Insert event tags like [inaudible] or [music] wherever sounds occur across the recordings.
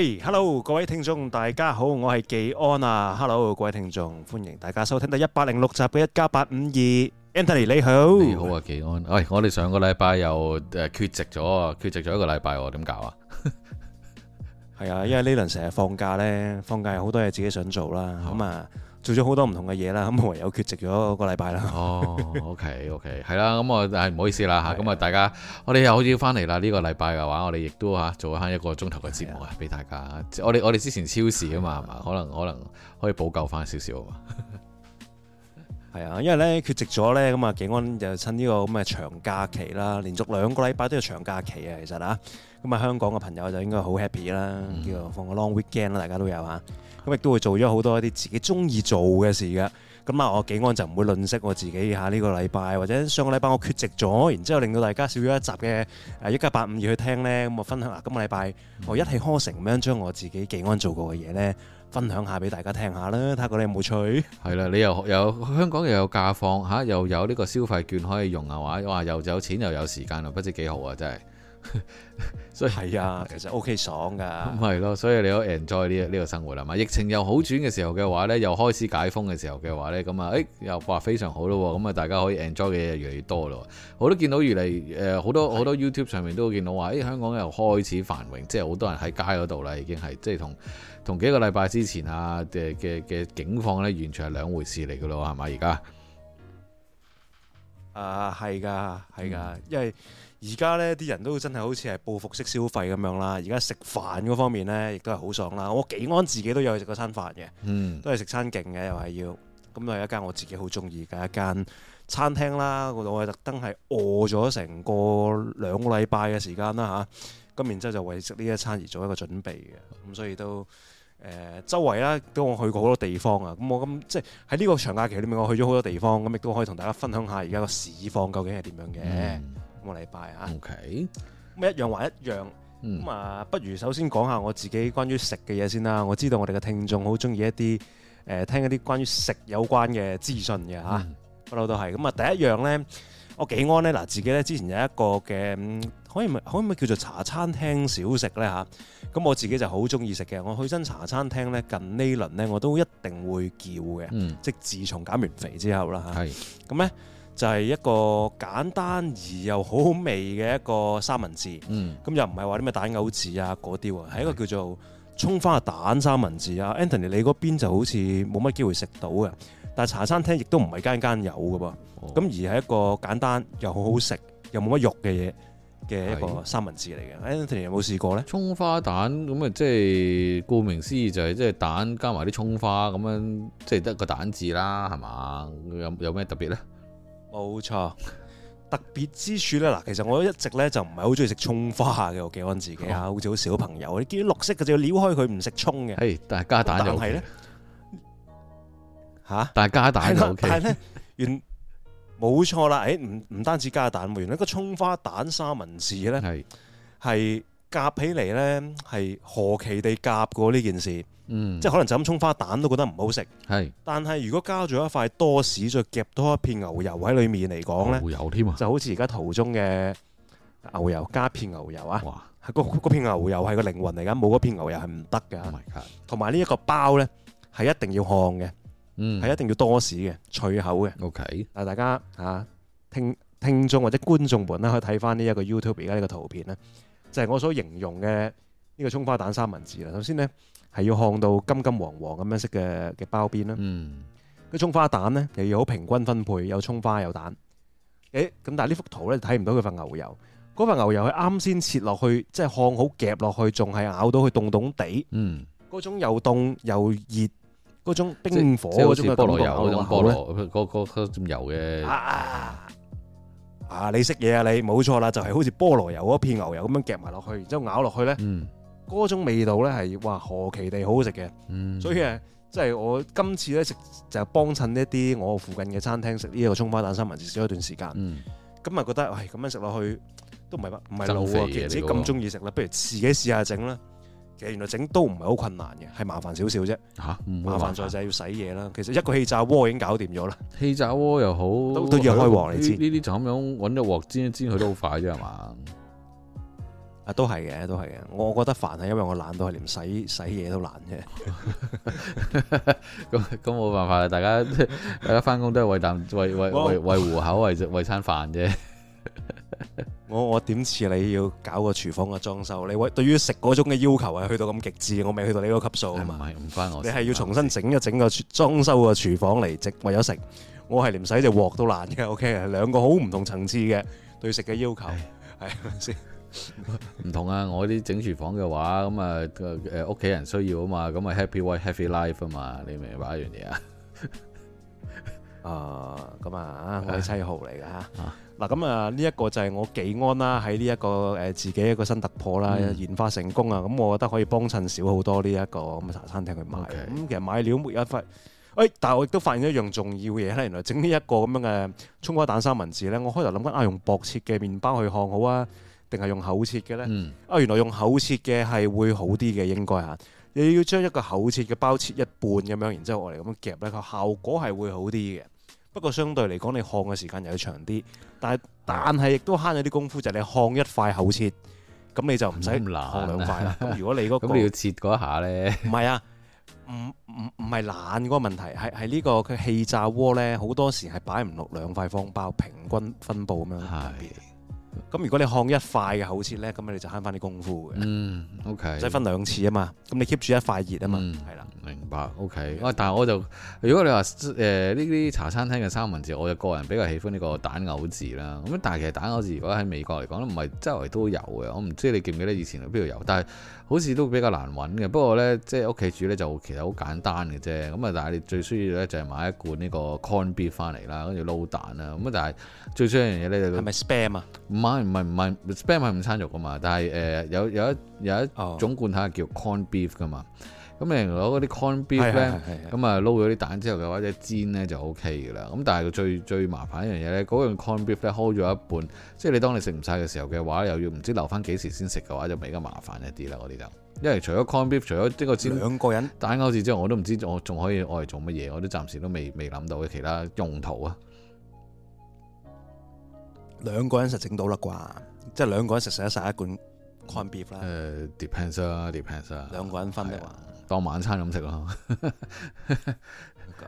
喂，Hello，各位聽眾，大家好，我係紀安啊。Hello，各位聽眾，歡迎大家收聽第一百零六集嘅一家八五二，Anthony 你好。你好啊，紀安。喂，我哋上個禮拜又誒缺席咗啊，缺席咗一個禮拜，點搞啊？係啊，因為呢輪成日放假呢，放假有好多嘢自己想做啦，咁啊。做咗好多唔同嘅嘢啦，咁唯有缺席咗個禮拜啦。哦、oh，OK OK，係啦， [laughs] 咁我誒唔好意思啦吓，咁啊的大家，我哋又好似翻嚟啦，呢、這個禮拜嘅話，我哋亦都吓做翻一個鐘頭嘅節目啊，俾的大家。我哋我哋之前超時啊嘛的可，可能可能可以補救翻少少啊嘛。係 [laughs] 啊，因為咧缺席咗咧，咁、嗯、啊警安就趁呢個咁嘅長假期啦，連續兩個禮拜都有長假期啊，其實啊。咁啊，香港嘅朋友就應該好 happy 啦，叫做放個 long weekend 啦，大家都有啊。咁亦都會做咗好多一啲自己中意做嘅事噶。咁啊，我紀安就唔會吝惜我自己嚇呢個禮拜，或者上個禮拜我缺席咗，然之後令到大家少咗一集嘅誒一家八五二去聽咧。咁啊，分享啊，今個禮拜我一氣呵成咁樣將我自己紀安做過嘅嘢咧，分享下俾大家聽下啦，睇下你有冇趣？係啦，你又又有香港又有假放嚇，又有呢個消費券可以用啊！哇，又就有錢又有時間啊，不知幾好啊，真係～ [laughs] 所以係啊，其實 O、OK、K 爽噶，咁係咯。所以你可 enjoy 呢呢個生活啊嘛。疫情又好轉嘅時候嘅話呢，又開始解封嘅時候嘅話呢。咁啊，誒、哎、又話非常好咯。咁啊，大家可以 enjoy 嘅嘢越嚟越多咯。我都見到，越嚟誒好多好的多 YouTube 上面都見到話，誒、哎、香港又開始繁榮，即係好多人喺街嗰度啦，已經係即係同同幾個禮拜之前啊嘅嘅嘅境況呢，完全係兩回事嚟噶咯，係嘛而家？啊，係噶係噶，因為、嗯。因為而家呢啲人都真係好似係報復式消費咁樣啦。而家食飯嗰方面呢，亦都係好爽啦。我幾安自己都有去食嗰餐飯嘅，嗯、都係食餐勁嘅，又係要咁都係一間我自己好中意嘅一間餐廳啦。度我特登係餓咗成個兩個禮拜嘅時間啦吓，咁然之後就為食呢一餐而做一個準備嘅。咁，所以都誒、呃、周圍啦，都我去過好多地方啊。咁我咁即係喺呢個長假期裏面，我去咗好多地方，咁亦都可以同大家分享下而家個市況究竟係點樣嘅。嗯個禮拜啊，咁 Okay. 一樣話一樣咁、嗯、啊，不如首先講下我自己關於食嘅嘢先啦。我知道我哋嘅聽眾好中意一啲誒、呃，聽一啲關於食有關嘅資訊嘅吓，咁、啊、不嬲、嗯、都係。咁啊，第一樣咧，我幾安咧嗱，自己咧之前有一個嘅、嗯、可以咪可以，可唔可以叫做茶餐廳小食咧吓，咁、啊、我自己就好中意食嘅。我去親茶餐廳咧，近輪呢輪咧，我都一定會叫嘅，嗯、即係自從減完肥之後啦吓，咁咧。就係一個簡單而又好好味嘅一個三文治，咁、嗯、又唔係話啲咩蛋牛治啊嗰啲喎，係一個叫做蔥花蛋三文治啊。的 Anthony，你嗰邊就好似冇乜機會食到嘅，但係茶餐廳亦都唔係間間有嘅噃，咁、哦、而係一個簡單又好好食又冇乜肉嘅嘢嘅一個三文治嚟嘅。的 Anthony 有冇試過咧？蔥花蛋咁啊，即係顧名思義就係即係蛋加埋啲蔥花咁樣，即係得個蛋字啦，係嘛？有有咩特別咧？冇錯，特別之處咧嗱，其實我一直咧就唔係好中意食葱花嘅，我記得自己啊，哦、好似好小朋友，你見到綠色嘅就要撩開佢唔食葱嘅。誒，但係加蛋又 OK。嚇？但係加蛋又 OK。但係咧，原冇錯啦。誒，唔唔單止加蛋，原來一個葱花蛋三文治咧係係。是夾起嚟呢係何其地夾噶呢件事？嗯，即係可能就咁葱花蛋都覺得唔好食。係是，但係如果加咗一塊多士，再夾多一片牛油喺裏面嚟講呢，牛油添就好似而家圖中嘅牛油加片牛油啊，係哇嗰片牛油係個靈魂嚟噶，冇嗰片牛油係唔得噶。同埋呢一個包呢，係一定要烘嘅，嗯，係一定要多士嘅，脆口嘅。O K，嗱，大家吓聽聽眾或者觀眾們呢，可以睇返呢一個 YouTube 而家呢個圖片咧。就係我所形容嘅呢個蔥花蛋三文治啦。首先呢，係要烘到金金黃黃咁樣色嘅嘅包邊啦。嗯，個蔥花蛋呢，又要好平均分配，有蔥花有蛋。誒、欸，咁但係呢幅圖呢睇唔到佢份牛油，嗰份牛油係啱先切落去，即係烘好夾落去，仲係咬到佢凍凍地。嗯，嗰種又凍又熱，嗰種冰火嗰種，種菠蘿油嗰種菠蘿嗰嗰嗰油嘅。啊。啊！你識嘢啊你冇錯啦，就係、是、好似菠蘿油嗰片牛油咁樣夾埋落去，然之後咬落去咧，嗰、嗯、種味道咧係哇何其地好好食嘅。嗯、所以咧，即、就、係、是、我今次咧食就幫襯一啲我附近嘅餐廳食呢個葱花蛋三文治，食咗一段時間。咁啊、嗯、覺得，唉，咁樣食落去都唔係乜唔係老啊，其實自己咁中意食啦，那個、不如自己試下整啦。原來整都唔係好困難嘅，係麻煩少少啫。吓、啊，麻煩在就係要洗嘢啦。其實一個氣炸鍋已經搞掂咗啦。氣炸鍋又好，都都要開鑊。你呢呢啲就咁樣揾個鑊煎一煎佢都好快啫，係嘛 [laughs] 吧？啊，都係嘅，都係嘅。我覺得煩係因為我懶到係連洗洗嘢都懶嘅。咁咁冇辦法啦，大家大家返工都係為啖為為為為糊口為食 [laughs] [laughs] 餐飯啫。 [laughs] 我我點似你要搞個廚房嘅裝修？你對於食嗰種嘅要求係去到咁極致，我未去到你嗰個級數。唔係唔關我。你係要重新整一整個裝修嘅廚房嚟，為咗食。我係連使隻鑊都難嘅。OK，係兩個好唔同層次嘅對食嘅要求，係咪、哎、先？唔同啊！我啲整廚房嘅話，咁啊誒，屋企人需要啊嘛，咁啊 Happy Way，Happy Life 啊嘛，你明唔明呢樣嘢啊？啊 [laughs] 咁、哦、啊，我係七號嚟噶吓。啊嗱咁啊，呢一個就係我幾安啦，喺呢一個誒自己一個新突破啦，嗯、研發成功啊！咁我覺得可以幫襯少好多呢一個咁嘅茶餐廳去買。咁 Okay,、嗯、其實買料沒一分。誒、欸，但係我亦都發現一樣重要嘢咧，原來整呢一個咁樣嘅蔥花蛋三文治呢。我開頭諗緊啊，用薄切嘅麵包去烘好啊，定係用厚切嘅呢？嗯、啊，原來用厚切嘅係會好啲嘅應該啊！你要將一個厚切嘅包切一半咁樣，然之後我哋咁樣夾咧，佢效果係會好啲嘅。不過相對嚟講，你烘嘅時間又要長啲，但係但係亦都慳咗啲功夫，就係、你烘一塊厚切，咁你就唔使烘兩塊啦。嗯嗯、如果你嗰、那、咁、個、 [laughs] 你要切嗰下咧，唔係啊，唔唔唔係懶嗰個問題，係係呢個佢氣炸鍋咧，好多時係擺唔落兩塊方包平均分布咁樣。係是，咁如果你烘一塊嘅厚切咧，咁你就慳翻啲功夫嘅。嗯，OK，即係分兩次啊嘛，咁你 keep 住一塊熱啊嘛，係啦、嗯。嗯明白，OK。哇、啊！但係我就如果你話誒呢啲茶餐廳嘅三文治，我就個人比較喜歡呢個蛋牛治啦。咁但係其實蛋牛治如果喺美國嚟講，唔係周圍都有嘅。我唔知你記唔記得以前邊度有，但係好似都比較難揾嘅。不過咧，即係屋企煮咧就其實好簡單嘅啫。咁啊，但係你最需要咧就係、是、買一罐呢個 corn beef 翻嚟啦，跟住撈蛋啦。咁但係最需要一樣嘢咧就係係咪 spam？啊？唔係唔係唔係 spam 係午餐肉噶嘛。但係誒、呃、有有，有，有一有一種罐頭係叫 corn beef 噶嘛。咁你攞嗰啲 corn beef 咧，咁啊撈咗啲蛋之後嘅話，即煎咧就 O K 嘅啦。咁但係佢最最麻煩一樣嘢咧，嗰樣 corn beef 咧開咗一半，即係你當你食唔晒嘅時候嘅話，又要唔知留翻幾時先食嘅話，就比較麻煩一啲啦。嗰啲就因為除咗 corn beef，除咗呢個煎，兩個人蛋好似之後，我都唔知我仲可以愛嚟做乜嘢，我都暫時都未未諗到嘅其他用途啊。兩個人實整到啦啩，即係兩個人食曬一晒一罐。corn beef 啦，嗯、depends 啊，depends 啊，Dep 啊兩個人分的話，啊、當晚餐咁食咯，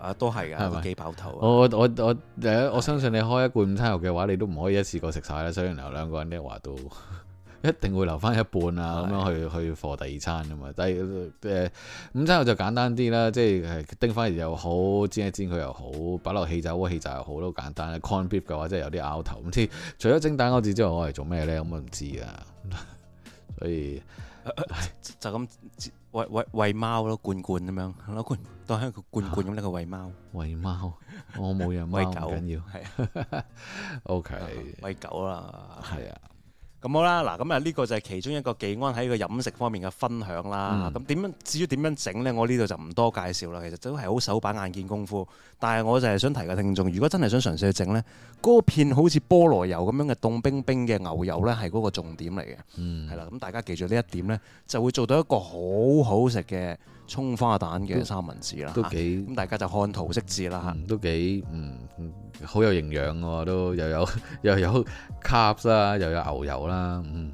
啊 [laughs] 都係㗎，都幾飽肚。我我我誒，的我相信你開一罐午餐肉嘅話，你都唔可以一次過食晒啦。所以然後兩個人的話，都一定會留翻一半啊，咁樣去的去貨第二餐㗎嘛。但係誒午餐肉就簡單啲啦，即係叮翻嚟又好，煎一煎佢又好，擺落氣炸鍋氣炸又好，都簡單。corn beef 嘅話，即係有啲拗頭，唔知除咗蒸蛋字之外，我係做咩咧？咁我唔知啊。所以、 [noise] 呃、就咁餵餵餵貓咯，罐罐咁樣攞罐當係一個罐罐咁咧，佢餵貓餵貓，我冇養貓，餵狗緊要，係啊，OK，餵狗啦，係啊。咁好啦，嗱咁啊呢個就係其中一個記安喺個飲食方面嘅分享啦。咁點、嗯、至於點樣整呢？我呢度就唔多介紹啦。其實都係好手把眼見功夫。但係我就係想提個聽眾，如果真係想嘗試去整呢，嗰片好似菠蘿油咁樣嘅凍冰冰嘅牛油呢，係嗰個重點嚟嘅。係啦、嗯，咁大家記住呢一點呢，就會做到一個好好食嘅。蔥花蛋嘅三文治啦，都幾咁、啊、大家就看圖識字啦吓、嗯，都幾嗯好有營養喎，都又有又有 carbs 啊，又有牛油啦、啊，嗯，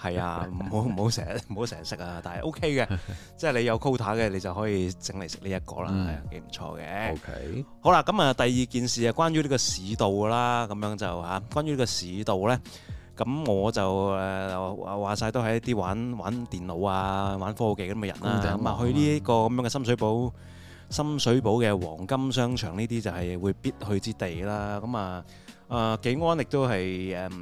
係 [laughs] 啊，唔好唔好成日唔好成日食啊，但係 O K 嘅， [laughs] 即係你有 quota 嘅，你就可以整嚟食呢一個啦，係啊、嗯，幾唔錯嘅，O K，好啦，咁啊，第二件事啊，關於呢個市道啦，咁樣就啊，關於呢個市道咧。咁我就誒話曬都係一啲玩玩電腦啊、玩科技咁嘅人啦。咁啊，去呢一個咁樣嘅深水埗、深水埗嘅黃金商場呢啲就係會必去之地啦。咁啊，誒景安亦都係誒誒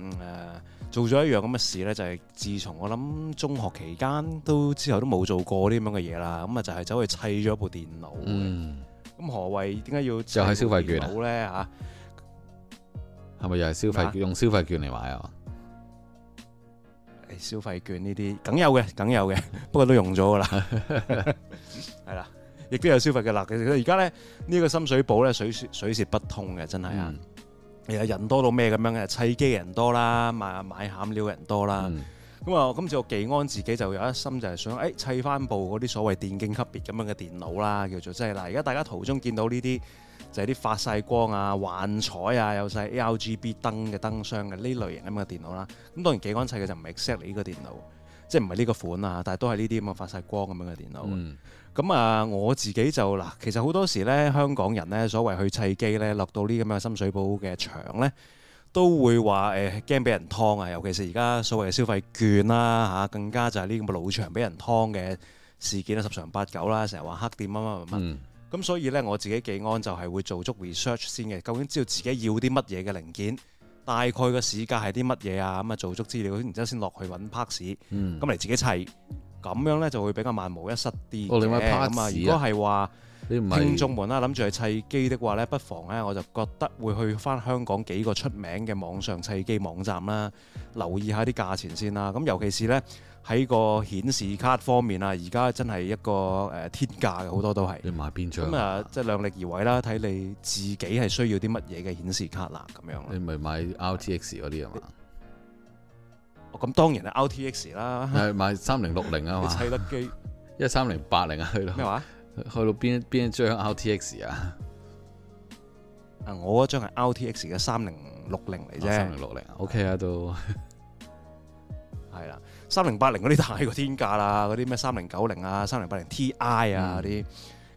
做咗一樣咁嘅事咧，就係自從我諗中學期間都之後都冇做過呢咁樣嘅嘢啦。咁啊，就係走去砌咗一部電腦嘅。咁何為點解要就係消費券咧？嚇，係咪又係消費用消費券嚟買啊？消費券呢啲梗有嘅，梗有嘅， [laughs] 不過都用咗噶啦，係啦， [laughs] [laughs] 亦都有消費嘅啦。其實而家咧呢、呢個深水埗咧水水泄不通嘅，真係啊！其實、嗯、人多到咩咁樣嘅，砌機人多啦，買買餡料人多啦。嗯咁啊！我今次我技安自己就有一心就係想，誒砌翻部嗰啲所謂電競級別咁樣嘅電腦啦，叫做即係嗱，而家大家途中見到呢啲就係啲發晒光啊、幻彩啊、有晒 ARGB 燈嘅燈箱嘅呢類型咁嘅電腦啦。咁當然技安砌嘅就唔係 X 系列呢個電腦，即係唔係呢個款啊，但係都係呢啲咁啊發晒光咁樣嘅電腦。咁、嗯、啊，我自己就嗱，其實好多時咧，香港人咧所謂去砌機咧，落到呢咁嘅深水埗嘅場咧。都會話誒驚俾人劏啊，尤其是而家所謂嘅消費券啦嚇、啊，更加就係呢咁嘅老場俾人劏嘅事件啊十常八九啦，成日話黑店乜乜乜乜。咁、嗯、所以呢，我自己幾安就係會做足 research 先嘅，究竟知道自己要啲乜嘢嘅零件，大概嘅市價係啲乜嘢啊咁啊，做足資料，然之後先落去揾 parts 咁嚟自己砌，咁樣呢，就會比較萬無一失啲嘅。咁啊、哦嗯，如果係話，你唔係聽眾們啦，諗住係砌機的話咧，不妨咧，我就覺得會去翻香港幾個出名嘅網上砌機網站啦，留意下啲價錢先啦。咁尤其是咧喺個顯示卡方面啊，而家真係一個誒天價嘅，好多都係。你買邊張？咁啊，即係量力而為啦，睇你自己係需要啲乜嘢嘅顯示卡你啦，咁樣。你咪買 RTX 嗰啲啊嘛？咁當然係 RTX 啦。係買三零六零啊嘛？砌得機一係三零八零啊去咯。咩話？ [laughs] 機 [laughs] 去到邊邊張 R T X 啊？啊，我嗰張係 R T X 嘅三零六零嚟啫。三零六零 o k 啊,、OK、啊都係啦。 [laughs] 三零八零嗰啲太過天價啦，嗰啲咩三零九零啊，三零八零 T I 啊嗰啲，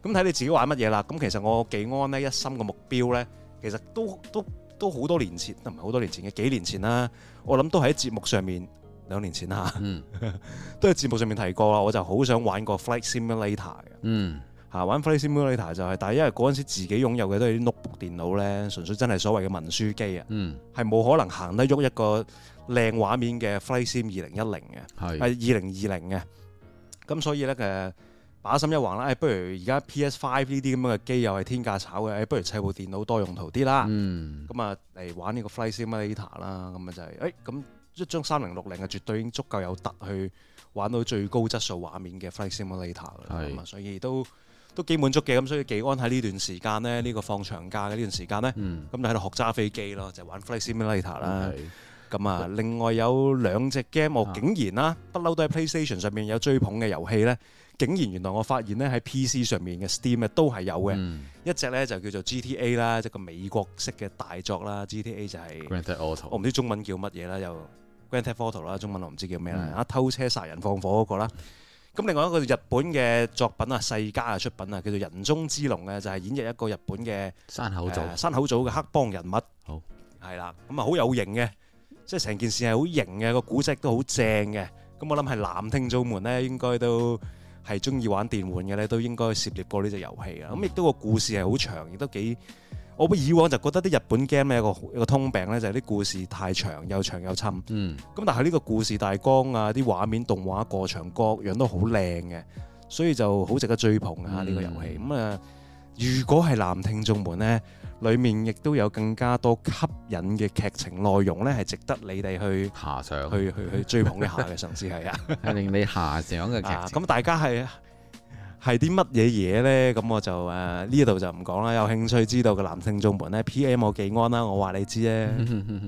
咁睇、嗯、你自己玩乜嘢啦。咁其實我技安呢一心嘅目標咧，其實都都都好多年前，唔係好多年前嘅，幾年前啦。我諗都喺節目上面，兩年前啦，嗯、 [laughs] 都喺節目上面提過啦。我就好想玩個 Flight Simulator 嘅，嗯。玩 Flight Simulator 就係、是，但係因為嗰陣時自己擁有嘅都係啲 notebook 電腦咧，純粹真係所謂嘅文書機啊，係冇、嗯、可能行得喐一個靚畫面嘅 Flight Sim 二零一零嘅，係二零二零嘅。咁所以咧誒，把心一橫啦、哎，不如而家 PS Five 呢啲咁嘅機又係天價炒嘅、哎，不如砌部電腦多用途啲啦。咁啊嚟玩呢個 Flight Simulator 啦，咁啊就係誒咁一張三零六零嘅絕對已經足夠有得去玩到最高質素畫面嘅 Flight Simulator 啦。咁啊、嗯、所以都。都幾滿足嘅，咁所以幾安喺呢段時間咧，呢個放長假嘅呢段時間咧，咁就喺度學揸飛機咯，就玩 Flight Simulator 啦。咁啊，另外有兩隻 game 我竟然啦，不嬲都喺 PlayStation 上面有追捧嘅遊戲咧，竟然原來我發現咧喺 PC 上面嘅 Steam 嘅都係有嘅。一隻咧就叫做 GTA 啦，即係個美國式嘅大作啦。GTA 就係 Grand Theft Auto，我唔知中文叫乜嘢啦，又 Grand Theft Auto 啦，中文我唔知叫咩啦，啊偷車殺人放火嗰個啦。咁另外一個日本嘅作品啊，世嘉啊出品啊，叫做《人中之龍》嘅就係、是、演繹一個日本嘅山口組、呃、山口組嘅黑幫人物，好，係啦，咁啊好有型嘅，即係成件事係好型嘅，個古跡都好正嘅。咁我諗係男聽眾們咧，應該都係鍾意玩電玩嘅咧，都應該涉獵過呢隻遊戲啊。咁亦、嗯、都個故事係好長，亦都幾。我以往就覺得啲日本 game 咧，一個一個通病咧，就係、是、啲故事太長，又長又侵。嗯。咁但係呢個故事大綱啊，啲畫面動畫過場，各樣都好靚嘅，所以就好值得追捧嘅呢、嗯、個遊戲。咁啊的、嗯，如果係男聽眾們咧，裡面亦都有更加多吸引嘅劇情內容咧，係值得你哋去下場去去去追捧一下嘅，甚至係啊令你下場嘅劇情咁、 [laughs] 啊嗯、大家係。係啲乜嘢嘢呢？咁我就誒呢度就唔講啦。有興趣知道嘅男性中門咧，PM 我寄安啦，我話你知咧。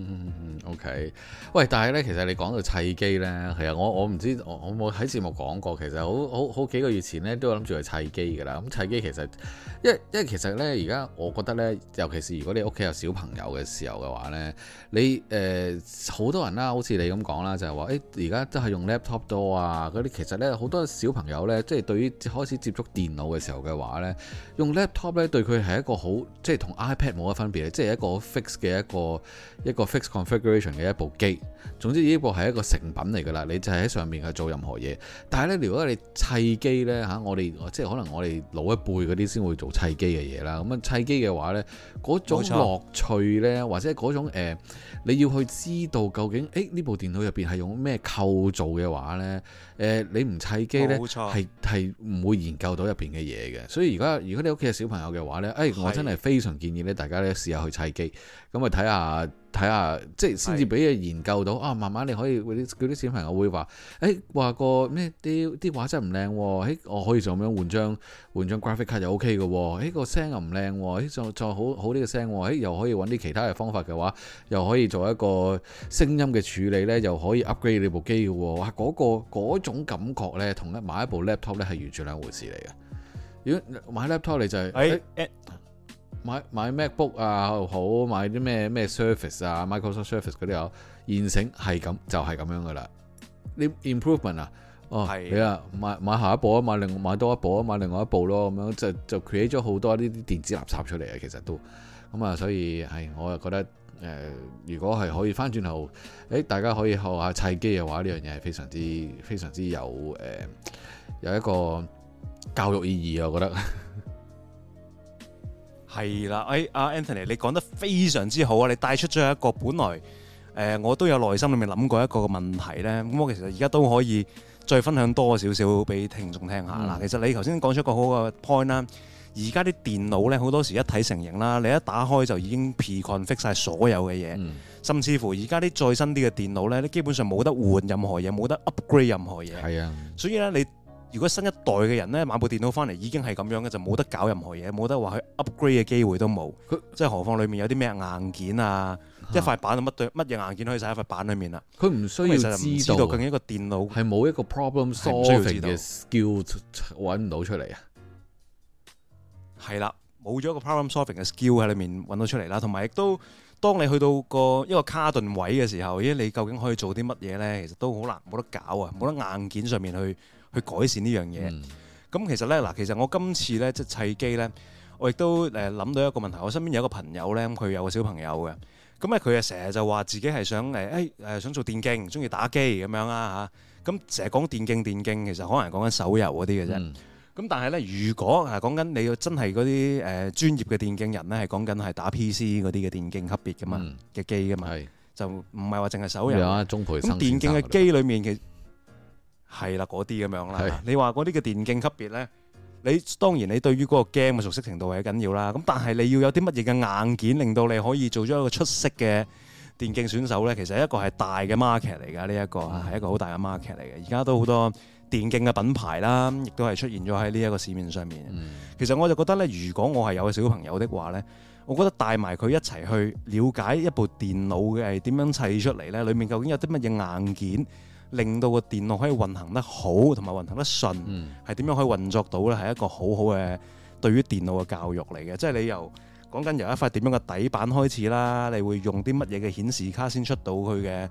[laughs] OK，喂，但係呢，其實你講到砌機呢，係啊，我我唔知我冇喺節目講過。其實好好好幾個月前呢，都諗住去砌機㗎啦。咁砌機其實，因為因為其實呢，而家我覺得呢，尤其是如果你屋企有小朋友嘅時候嘅話呢，你誒好、呃、多人啦、啊，好似你咁講啦，就係話誒，而、欸、家都係用 laptop 多啊。嗰啲其實呢，好多小朋友呢，即係對於開始。接觸電腦嘅時候嘅話咧，用 laptop 咧對佢係一個好，即係同 iPad 冇乜分別，即係一個 fix 嘅一個一個 fix configuration 嘅一部機。總之呢部係一個成品嚟噶啦，你就係喺上面去做任何嘢。但係咧，如果你砌機咧吓、啊，我哋即係可能我哋老一輩啲先會做砌機嘅嘢啦。咁啊砌機嘅話咧，種樂趣咧，冇錯，或者嗰種誒、呃，你要去知道究竟誒呢部電腦入邊係用咩構造嘅話咧，誒、呃、你唔砌機咧係係唔會。研究到入邊嘅嘢嘅，所以而家如果你屋企有小朋友嘅話咧，誒的、哎，我真係非常建議咧，大家咧試下去砌機。咁啊，睇下睇下，即係先至俾佢研究到的啊。慢慢你可以，佢啲小朋友會話，誒話個咩啲啲畫質唔靚喎。誒，我可以就咁樣換張換張 graphic 卡就 O K 嘅喎。誒，個聲又唔靚喎。誒，再再好好啲嘅聲。誒，又可以揾啲其他嘅方法嘅話，又可以做一個聲音嘅處理咧，又可以 upgrade 你部機嘅喎。哇，嗰個嗰種感覺咧，同咧買一部 laptop 咧係完全兩回事嚟嘅。如果買 laptop 你就係買買 MacBook 啊好，買啲咩咩 Surface 啊 Microsoft Surface 都有，現成係咁就係咁樣噶啦。The、improvement、oh, 係啊，哦你啊買買下一部啊，買另買多一部啊，買另外一部咯，咁樣就就 create 咗好多呢啲電子垃圾出嚟啊，其實都咁啊，所以係我又覺得誒、呃，如果係可以翻轉頭，誒、欸、大家可以學下砌機嘅話，呢樣嘢係非常之非常之有誒、呃、有一個教育意義啊，我覺得。係啦，誒阿 Anthony，你講得非常之好啊！你帶出咗一個本來誒、呃，我都有內心裏面諗過一個個問題咧。咁我其實而家都可以再分享多少少俾聽眾聽下。嗱、嗯，其實你頭先講出一個好嘅 point 啦。而家啲電腦咧，好多時一體成型啦，你一打開就已經 pre-config 晒所有嘅嘢，嗯、甚至乎而家啲再新啲嘅電腦咧，你基本上冇得換任何嘢，冇得 upgrade 任何嘢。係啊，所以咧你。如果新一代嘅人咧，買部電腦翻嚟已經係咁樣嘅，就冇得搞任何嘢，冇得話去 upgrade 嘅機會都冇。即係它何況裏面有啲咩硬件啊，啊一塊板到乜乜嘢硬件可以晒喺塊板裏面啦。佢唔需要其知，道知道究竟一個電腦係冇一個 problem solving 嘅 skill 揾唔到出嚟啊。係啦，冇咗個 problem solving 嘅 skill 喺裏面揾到出嚟啦。同埋亦都當你去到個一個卡頓位嘅時候，咦？你究竟可以做啲乜嘢咧？其實都好難，冇得搞啊，冇得硬件上面去。去改善呢樣嘢，咁其實咧，嗱，其實我今次咧即係砌機咧，我亦都誒諗到一個問題，我身邊有個朋友咧，佢有個小朋友嘅，咁啊佢啊成日就話自己係想誒誒誒想做電競，鍾意打機咁樣啦嚇，咁成日講電競電競，其實可能講緊手遊嗰啲嘅啫，咁但係咧如果係講緊你要真係嗰啲誒專業嘅電競人咧，係講緊係打 PC 嗰啲嘅電競級別嘅嘛嘅機嘅嘛，就唔係話淨係手遊啊，中培咁電競嘅機裏面其。係啦，嗰啲咁樣啦。的你話嗰啲嘅電競級別呢？你當然你對於嗰個 game 嘅熟悉程度係緊要啦。咁但係你要有啲乜嘢嘅硬件令到你可以做咗一個出色嘅電競選手呢？其實個一個係大嘅 market 嚟㗎。呢、這個、一個係一個好大嘅 market 嚟嘅。而家都好多電競嘅品牌啦，亦都係出現咗喺呢一個市面上面。嗯、其實我就覺得呢，如果我係有個小朋友的話呢，我覺得帶埋佢一齊去了解一部電腦嘅係點樣砌出嚟呢？裡面究竟有啲乜嘢硬件？令到個電腦可以運行得好同埋運行得順，係點、嗯、樣可以運作到呢？係一個好好嘅對於電腦嘅教育嚟嘅。即係你由講緊由一塊點樣嘅底板開始啦，你會用啲乜嘢嘅顯示卡先出到佢嘅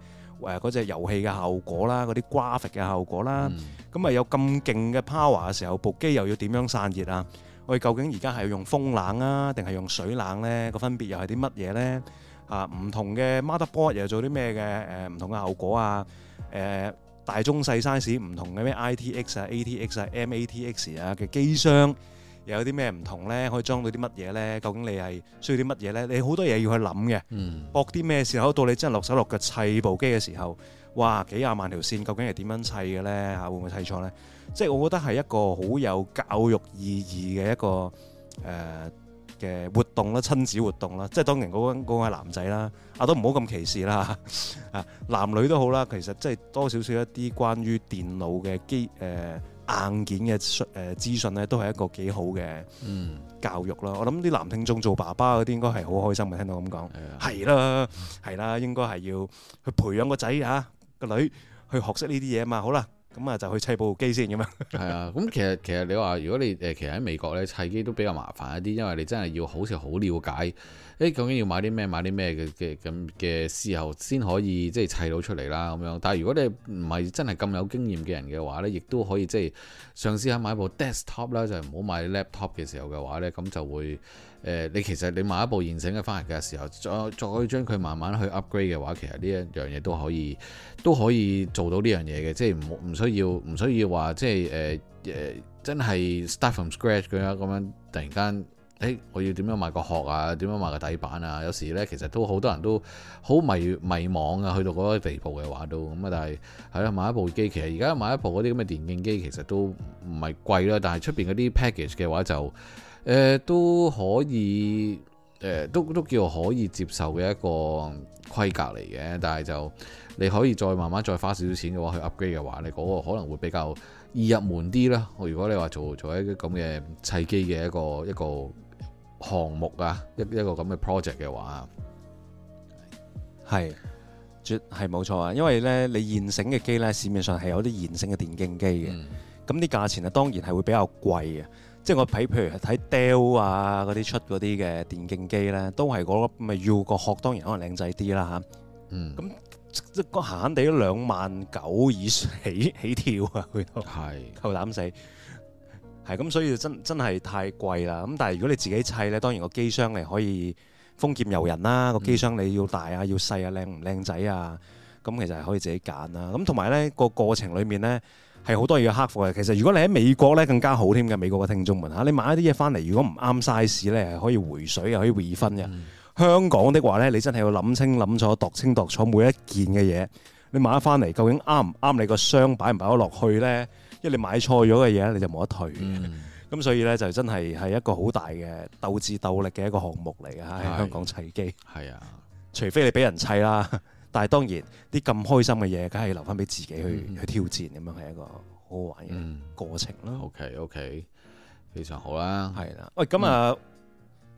嗰隻遊戲嘅效果啦，嗰啲 graphic 嘅效果啦。咁啊、嗯、有咁勁嘅 power 嘅時候，部機又要點樣散熱啊？我哋究竟而家係用風冷啊，定係用水冷呢？個分別又係啲乜嘢呢？啊，唔同嘅 motherboard 又做啲咩嘅誒？唔、呃、同嘅效果啊！誒、呃、大中、中、細 size 唔同嘅咩 ITX 啊、ATX 啊、MATX 啊嘅機箱，又有啲咩唔同咧？可以裝到啲乜嘢咧？究竟你係需要啲乜嘢咧？你好多嘢要去諗嘅，嗯，駁啲咩時候到你真係落手落腳砌部機嘅時候，哇幾廿萬條線究竟係點樣砌嘅咧？嚇、啊、會唔會砌錯咧？即、就、係、是、我覺得係一個好有教育意義嘅一個誒。呃嘅活動啦，親子活動啦，即係當年嗰嗰個男仔啦，阿、啊、都唔好咁歧視啦嚇、啊，男女都好啦，其實即係多少少一啲關於電腦嘅機誒、呃、硬件嘅誒資訊咧、呃，都係一個幾好嘅教育咯。嗯、我諗啲男聽眾做爸爸嗰啲應該係好開心嘅，聽到咁講係啦，係啦，應該係要去培養個仔嚇、啊、個女去學識呢啲嘢啊嘛，好啦。咁啊，就去砌部機先咁樣。係 [laughs] 啊，咁其實其實你話，如果你誒其實喺美國咧砌機都比較麻煩一啲，因為你真係要好似好了解，誒究竟要買啲咩買啲咩嘅嘅咁嘅時候，先可以即係砌到出嚟啦咁樣。但係如果你唔係真係咁有經驗嘅人嘅話咧，亦都可以即係嘗試下買部 desktop 啦，就唔好買 laptop 嘅時候嘅話咧，咁就會。誒、呃，你其實你買一部現成嘅翻嚟嘅時候，再再將佢慢慢去 upgrade 嘅話，其實呢一樣嘢都可以都可以做到呢樣嘢嘅，即係唔唔需要唔需要話即係誒誒，真係 start from scratch 佢啊咁樣，突然間，誒、欸，我要點樣買個殼啊，點樣買個底板啊？有時咧，其實都好多人都好迷迷惘啊，去到嗰個地步嘅話都咁啊，但係係咯，買一部機，其實而家買一部嗰啲咁嘅電競機其實都唔係貴啦，但係出邊嗰啲 package 嘅話就。誒、呃，都可以，誒、呃，都都叫可以接受嘅一個規格嚟嘅，但係就你可以再慢慢再花少少錢嘅話去 upgrade 嘅話，你嗰個可能會比較易入門啲啦。如果你話做做一啲咁嘅砌機嘅一個一個項目啊，一一個咁嘅 project 嘅話，係絕係冇錯啊。因為咧，你現成嘅機咧，市面上係有啲現成嘅電競機嘅，咁啲、嗯、價錢咧，當然係會比較貴嘅。即係我睇，譬如睇 Dell 啊，嗰啲出嗰啲嘅電競機咧，都係嗰咪要個殼，當然可能靚仔啲啦嚇。嗯，咁即都閒閒地都兩萬九以起起跳啊，佢都係是夠膽死。係咁，所以真真係太貴啦。咁但係如果你自己砌咧，當然個機箱你可以豐儉由人啦。個、嗯、機箱你要大啊，要細啊，靚唔靚仔啊？咁其實係可以自己揀啦。咁同埋咧個過程裏面咧。係好多嘢要克服嘅。其實如果你喺美國咧更加好添嘅，美國嘅聽眾們嚇、啊，你買一啲嘢翻嚟，如果唔啱 size 咧，係可以回水，又可，可以回分嘅。嗯、香港的話咧，你真係要諗清諗楚，度清度楚每一件嘅嘢。你買得翻嚟究竟啱唔啱你個箱擺唔擺得落去咧？因為你買錯咗嘅嘢，你就冇得退。咁、嗯、所以咧就真係係一個好大嘅鬥智鬥力嘅一個項目嚟嘅喺香港砌機。係啊的，除非你俾人砌啦。但係當然啲咁開心嘅嘢，梗係留翻俾自己去去挑戰咁、嗯、樣，係一個好好玩嘅過程啦、嗯。OK OK，非常好啦，係啦的。喂、嗯，咁啊、欸，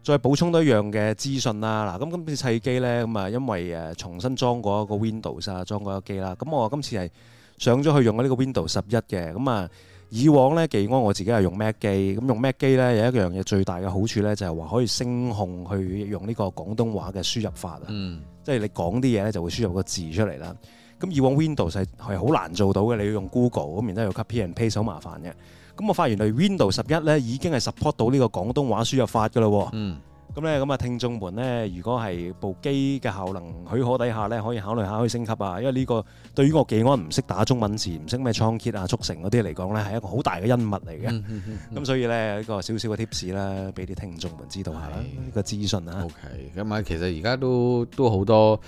再補充多一樣嘅資訊啦。嗱，咁今次砌機咧，咁啊，因為誒重新裝過一個 Windows 啊，裝過一台機啦。咁我今次係上咗去用呢個 Windows 十一嘅。咁啊，以往咧既安我自己係用 Mac 機，咁用 Mac 機咧有一樣嘢最大嘅好處咧，就係、是、話可以升控去用呢個廣東話嘅輸入法啊。嗯。即係你講啲嘢咧就會輸入個字出嚟啦。咁以往 Windows 係好難做到嘅，你要用 Google 咁，然之後要 copy and paste 好麻煩嘅。咁我發現原來 Windows 十一咧已經係 support 到呢個廣東話輸入法㗎啦喎。嗯。咁咧，咁啊，聽眾們呢，如果係部機嘅效能許可底下呢，可以考慮下去升級啊。因為呢個對於我既安唔識打中文字、唔識咩倉頡啊、速成嗰啲嚟講呢，係一個好大嘅恩物嚟嘅。咁 [laughs] 所以呢，一個少少嘅 tips 啦，俾啲聽眾們知道下，呢是個資訊 OK，咁啊，okay，其實而家都都好多。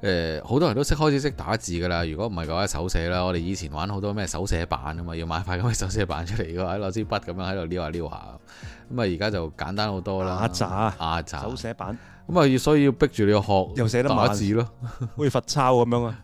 誒好多人都識開始識打字㗎喇，如果唔係嘅話手寫啦。我哋以前玩好多咩手寫板吖嘛，要買塊咁嘅手寫板出嚟，喺攞支筆咁樣喺度撩下撩下。咁啊，而家就簡單好多啦。壓榨、啊，壓榨、啊。手寫板咁啊，要所以要逼住你要學打字咯，好似罰抄咁樣啊。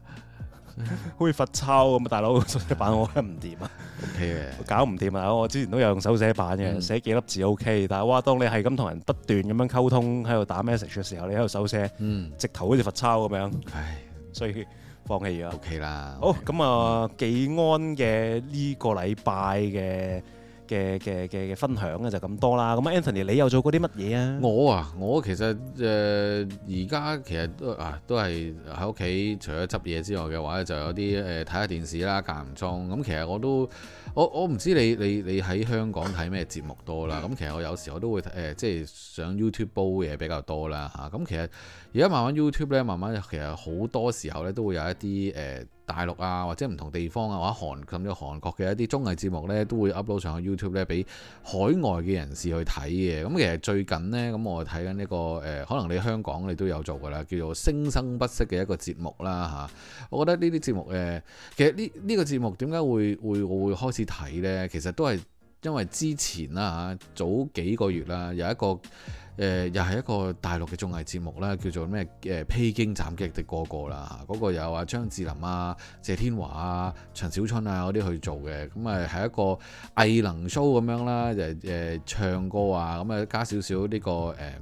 [laughs] 好似罰抄咁啊，大佬手寫板我覺得唔掂啊，OK [laughs] 搞唔掂啊，我之前都有用手寫板嘅，寫、mm. 幾粒字 OK，但係哇，當你係咁同人不斷咁樣溝通喺度打 message 嘅時候，你喺度手寫，嗯，mm. 直頭好似罰抄咁樣，唉，Okay. 所以放棄啊，OK 啦，okay. 好，咁啊，紀安嘅呢個禮拜嘅。嘅嘅嘅嘅分享咧就咁多啦，咁 Anthony 你又做過啲乜嘢啊？我啊，我其實誒而家其實都啊都係喺屋企，除咗執嘢之外嘅話咧，就有啲誒睇下電視啦，間唔中。咁、嗯、其實我都我我唔知你你你喺香港睇咩節目多啦。咁、嗯、其實我有時我都會誒即係上 YouTube 煲嘢比較多啦嚇。咁、啊嗯、其實而家慢慢 YouTube 咧，慢慢其實好多時候咧都會有一啲誒。呃大陸啊，或者唔同地方啊，或者韓咁樣韓國嘅一啲綜藝節目呢，都會 upload 上去 YouTube 咧，俾海外嘅人士去睇嘅。咁、嗯、其實最近呢，咁、嗯、我睇緊呢個誒、呃，可能你香港你都有做㗎啦，叫做《聲生不息》嘅一個節目啦嚇、啊。我覺得呢啲節目誒、呃，其實呢呢、呢個節目點解會會我會開始睇呢？其實都係因為之前啦嚇、啊，早幾個月啦有一個。誒、呃、又係一個大陸嘅綜藝節目啦，叫做咩？誒、呃、披荊斬棘的哥哥啦，嗰、啊那個有啊張智霖啊、謝天華啊、陳小春啊嗰啲去做嘅，咁啊係一個藝能 show 咁樣啦，就、呃、誒唱歌啊，咁啊加少少呢、這個誒、呃、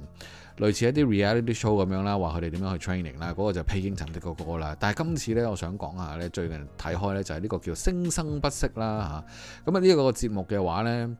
類似一啲 reality show 咁樣啦，話佢哋點樣去 training 啦，嗰個就披荊斬棘個哥哥啦。但係今次呢，我想講下呢，最近睇開呢就係呢個叫做《聲生不息》啦、啊、嚇，咁啊呢一個節目嘅話呢。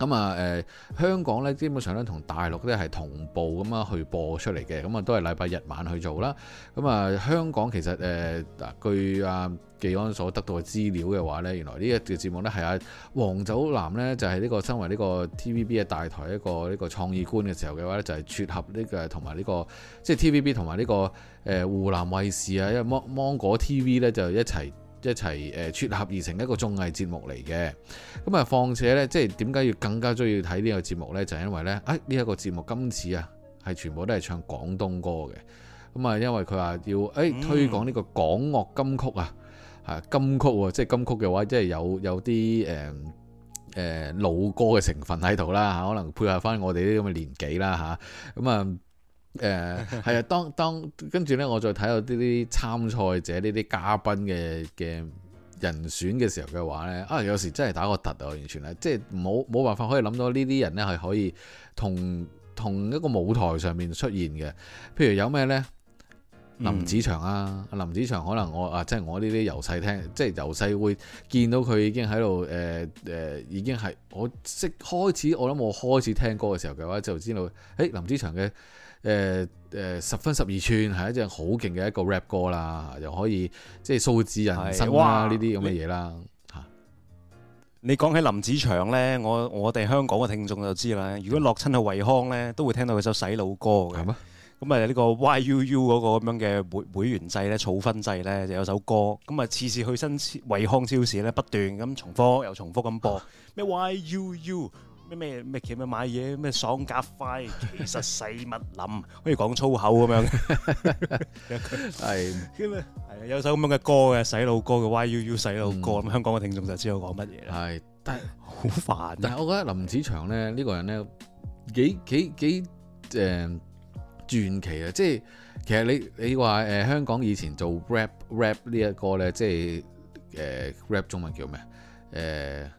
咁啊，誒、呃、香港咧，基本上咧同大陸咧係同步咁啊去播出嚟嘅，咁啊都係禮拜日晚去做啦。咁啊、呃，香港其實誒嗱、呃、據啊紀安所得到嘅資料嘅話咧，原來呢一個節目咧係啊王祖藍咧就係、是、呢個身為呢個 TVB 嘅大台一個呢、這個創意官嘅時候嘅話咧，就係、是、撮合呢個同埋呢個即係 TVB 同埋、這、呢個誒、呃、湖南衛視啊，因為芒芒果 TV 咧就一齊。一齊誒撮合而成一個綜藝節目嚟嘅，咁啊，況且呢，即係點解要更加中意睇呢個節目呢？就係、是、因為呢，誒呢一個節目今次啊，係全部都係唱廣東歌嘅，咁啊，因為佢話要誒、哎嗯、推廣呢個港樂金曲啊，啊金曲啊，即係金曲嘅話，即係有有啲誒誒老歌嘅成分喺度啦嚇，可能配合翻我哋啲咁嘅年紀啦吓，咁啊。啊誒係啊！當當跟住咧，我再睇到呢啲參賽者呢啲嘉賓嘅嘅人選嘅時候嘅話咧，啊有時真係打個突啊！完全係，即係冇冇辦法可以諗到呢啲人咧係可以同同一個舞台上面出現嘅。譬如有咩咧？林子祥啊，嗯、林子祥可能我啊，即係我呢啲由細聽，即係由細會見到佢已經喺度誒誒，已經係我識開始，我諗我開始聽歌嘅時候嘅話，就知道誒、欸、林子祥嘅。誒誒、呃、十分十二寸係一隻好勁嘅一個 rap 歌啦，又可以即係數字人生啦呢啲咁嘅嘢啦嚇。你講、啊、起林子祥咧，我我哋香港嘅聽眾就知啦。如果落親去惠康咧，都會聽到佢首洗腦歌嘅。咁啊呢個 Y U U 嗰個咁樣嘅會會員制咧，儲分制咧就有首歌。咁啊次次去新惠康超市咧，不斷咁重複又重複咁播咩、啊、Y U U。咩咩咩，其實買嘢咩爽夾快，其實使乜諗，好似講粗口咁樣。係，係有首咁樣嘅歌嘅洗腦歌嘅 Y U U 洗腦歌，咁香港嘅聽眾就知我講乜嘢。係，但係好煩。但係我覺得林子祥咧呢個人咧幾幾幾誒傳奇啊！即係其實你你話誒香港以前做 rap rap 呢一個咧，即係誒 rap 中文叫咩啊？誒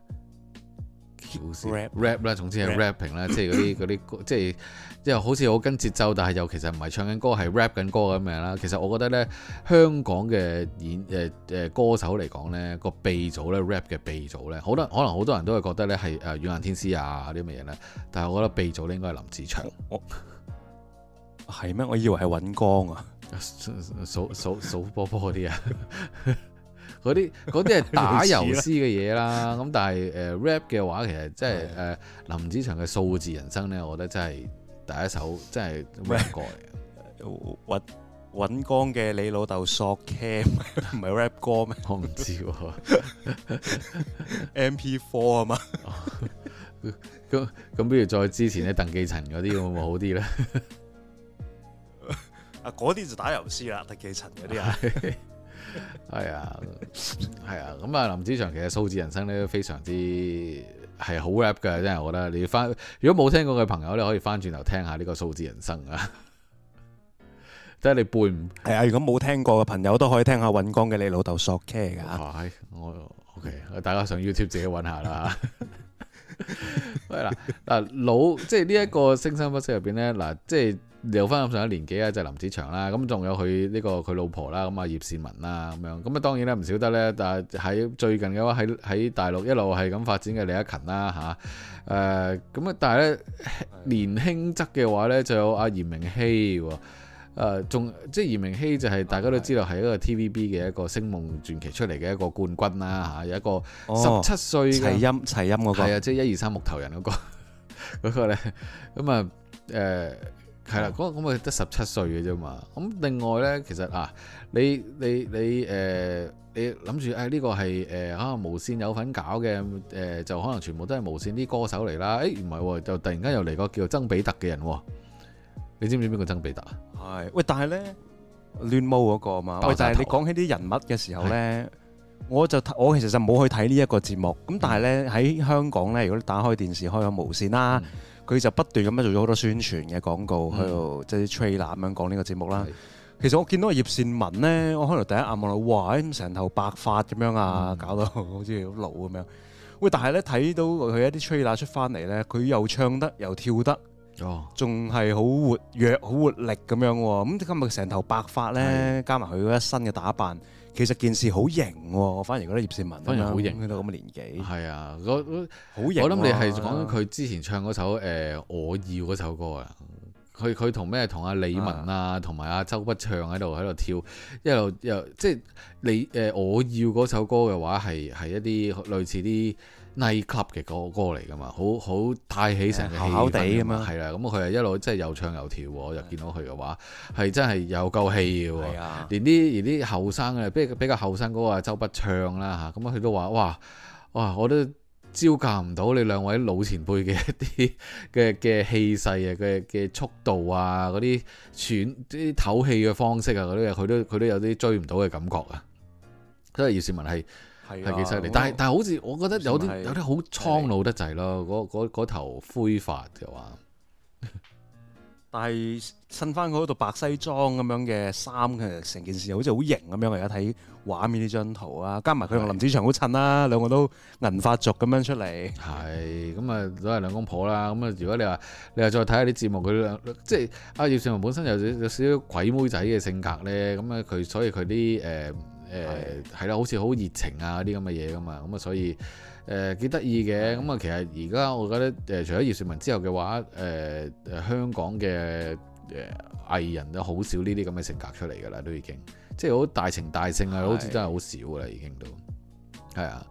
rap 啦，總之係 rapping 啦，即係嗰啲啲歌，即係即係好似我跟節奏，但係又其實唔係唱緊歌，係 rap 緊歌咁樣啦。其實我覺得咧，香港嘅演誒誒、呃呃、歌手嚟講咧，個鼻祖咧 rap 嘅鼻祖咧，好多可能好多人都會覺得咧係誒軟硬天師啊啲乜嘢咧，但係我覺得鼻祖應該係林子祥。我係咩？我以為係尹光啊，數數數，數波波啲啊！ [laughs] 嗰啲嗰啲係打油詩嘅嘢啦，咁 [laughs] 但係誒、呃、rap 嘅話，其實即係誒林子祥嘅《數字人生》咧，我覺得真係第一首真係 rap 歌嚟嘅。尹尹 [laughs] 光嘅你老豆索 cam 唔係 rap 歌咩？我唔知喎，MP Four 啊嘛。咁咁，不如再之前咧，鄧寄塵嗰啲會唔會好啲咧？啊，嗰啲就打油詩啦，鄧寄塵嗰啲啊。係啊，係啊，咁啊，林子祥其實《數字人生》咧都非常之係好 rap 嘅，真係我覺得。你要翻，如果冇聽過嘅朋友，你可以翻轉頭聽下呢個《數字人生》啊。即係你背唔係啊？如果冇聽過嘅朋友都可以聽下尹光嘅《你老豆索 K》啊。我 OK，大家上 YouTube 自己搵下啦吓。嗱嗱、 [laughs] [laughs] 啊，老即係呢一個《聲生不息》入邊咧，嗱即係。留翻咁上下年紀啊，就是、林子祥啦，咁仲有佢呢、這個佢老婆啦，咁啊葉倩文啦咁樣，咁啊當然啦，唔少得咧，但係喺最近嘅話喺喺大陸一路係咁發展嘅李克勤啦吓，誒咁啊但係咧的年輕則嘅話咧就有阿嚴明熙，誒、呃、仲即係嚴明熙就係、是、的大家都知道係一個 TVB 嘅一個星夢傳奇出嚟嘅一個冠軍啦吓、呃，有一個十七歲、哦、齊音齊音嗰、那個啊，即係一二三木頭人嗰、那個嗰 [laughs] 個咧，咁啊誒。呃係啦，嗰咁佢得十七歲嘅啫嘛。咁、那個、另外咧，其實啊，你你你誒，你諗住誒呢個係誒可能無綫有份搞嘅，誒、呃、就可能全部都係無綫啲歌手嚟啦。誒唔係，就突然間又嚟個叫曾比特嘅人、哦。你知唔知邊個曾比特？係喂，但係咧亂毛嗰個嘛。喂，但係你講起啲人物嘅時候咧，是我就我其實就冇去睇呢一個節目。咁、嗯、但係咧喺香港咧，如果你打開電視開咗無綫啦、啊。嗯佢就不斷咁樣做咗好多宣傳嘅廣告，喺度、嗯、即係啲 trailer 咁樣講呢個節目啦。是其實我見到葉倩文咧，我可能第一眼望到哇，成頭白髮咁樣啊，搞到好似好老咁樣。喂、嗯，但係咧睇到佢一啲 trailer 出翻嚟咧，佢又唱得又跳得，仲係好活躍、好活力咁樣喎。咁今日成頭白髮咧，是加埋佢一身嘅打扮。其實件事好型喎、哦，我反而覺得葉倩文反而好型，去、嗯、到咁嘅年紀。係啊，嗯、我好型。啊、我諗你係講佢之前唱嗰首誒、呃、我要嗰首歌啊，佢佢同咩同阿李玟啊，同埋阿周筆暢喺度喺度跳，一路又即係你誒、呃、我要嗰首歌嘅話係係一啲類似啲。內級嘅歌歌嚟噶嘛，好好帶起成個氣地啊嘛，係啦，咁佢係一路真係又唱又跳，我又見到佢嘅話，係真係有夠氣嘅，連啲連啲後生嘅，比比較後生嗰個周筆暢啦吓，咁、嗯、佢都話，哇哇，我都招架唔到你兩位老前輩嘅一啲嘅嘅氣勢啊，嘅 [laughs] 嘅速度啊，嗰啲喘啲唞氣嘅方式啊，嗰啲佢都佢都有啲追唔到嘅感覺啊，所以葉倩文係。係，係幾犀利，嗯、但係但係好似我覺得有啲有啲好蒼老得滯咯，嗰頭灰髮就話， [laughs] 但係襯翻佢嗰度白西裝咁樣嘅衫，其實成件事好似好型咁樣。我而家睇畫面呢張圖啊，加埋佢同林子祥好襯啦，的兩個都銀髮族咁樣出嚟。係，咁啊都係兩公婆啦。咁啊，如果你話你又再睇下啲節目，佢即係阿、啊、葉倩文本身有有少少鬼妹仔嘅性格咧，咁咧佢所以佢啲誒。呃誒，係啦，好似好熱情啊啲咁嘅嘢噶嘛，咁啊所以誒幾得意嘅，咁、呃、啊的其實而家我覺得誒除咗葉雪文之後嘅話，誒、呃、誒香港嘅誒藝人都好少呢啲咁嘅性格出嚟噶啦，都已經即係好大情大性的啊，好似真係好少噶啦，已經都係啊。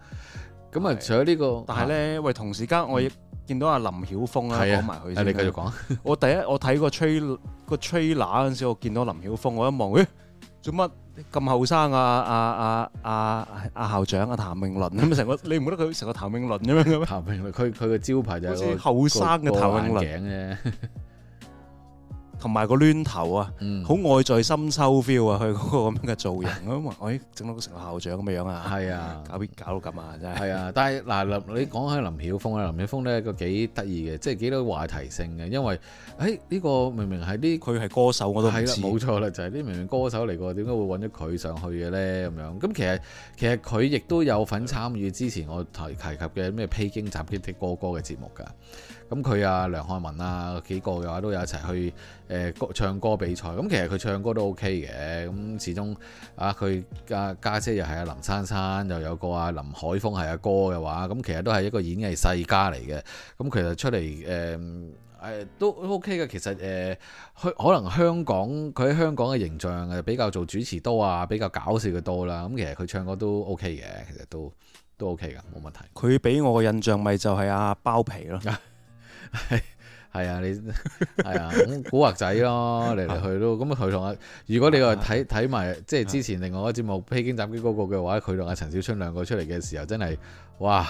咁啊除咗呢、這個，的但係咧喂，同時間我亦見到阿林曉峰啦，講埋佢先。你繼續講。 [laughs] 我第一我睇過吹個吹喇嗰陣時，我見到林曉峰，我一望，咦做乜？咁後生啊，啊啊啊啊校長啊，譚詠麟咁成 [laughs] 個，你唔覺得佢成個譚詠麟咁樣嘅咩？譚詠麟，佢佢個招牌就係後生嘅譚詠麟啊。 [laughs] 同埋個攣頭啊，好愛、嗯、在深秋 feel 啊，佢嗰個咁樣嘅造型我諗話，整、啊哎、到成個校長咁嘅樣啊，係啊，搞搞到咁啊，真係係啊，但係嗱林，你講起林曉峰啊，林曉峰咧個幾得意嘅，即係幾多話題性嘅，因為誒呢、哎這個明明係啲佢係歌手我都知，冇、啊、錯啦，就係、是、啲明明歌手嚟㗎，點解會揾咗佢上去嘅咧咁樣？咁其實其實佢亦都有份參與之前我提提及嘅咩披荊斬棘的哥哥嘅節目㗎。咁佢啊，梁漢文啊，幾個嘅話都有一齊去誒歌、呃、唱歌比賽。咁、嗯、其實佢唱歌都 OK 嘅。咁、嗯、始終啊，佢家姐又係阿林珊珊，又有個阿林海峰係阿哥嘅話，咁、嗯、其實都係一個演藝世家嚟嘅。咁、嗯、其實出嚟誒誒都 OK 嘅。其實誒，香、呃、可能香港佢喺香港嘅形象啊，比較做主持多啊，比較搞笑嘅多啦、啊。咁、嗯、其實佢唱歌都 OK 嘅，其實都都 OK 嘅，冇問題。佢俾我嘅印象咪就係阿、啊、包皮咯。 [laughs] 係 [laughs] 啊，你係啊、 [laughs] 嗯，古惑仔咯，嚟嚟去咯，咁佢同阿， [laughs] 如果你話睇睇埋，即係之前另外一個節目披荊斬棘嗰個嘅話，佢同阿陳小春兩個出嚟嘅時候，真係哇，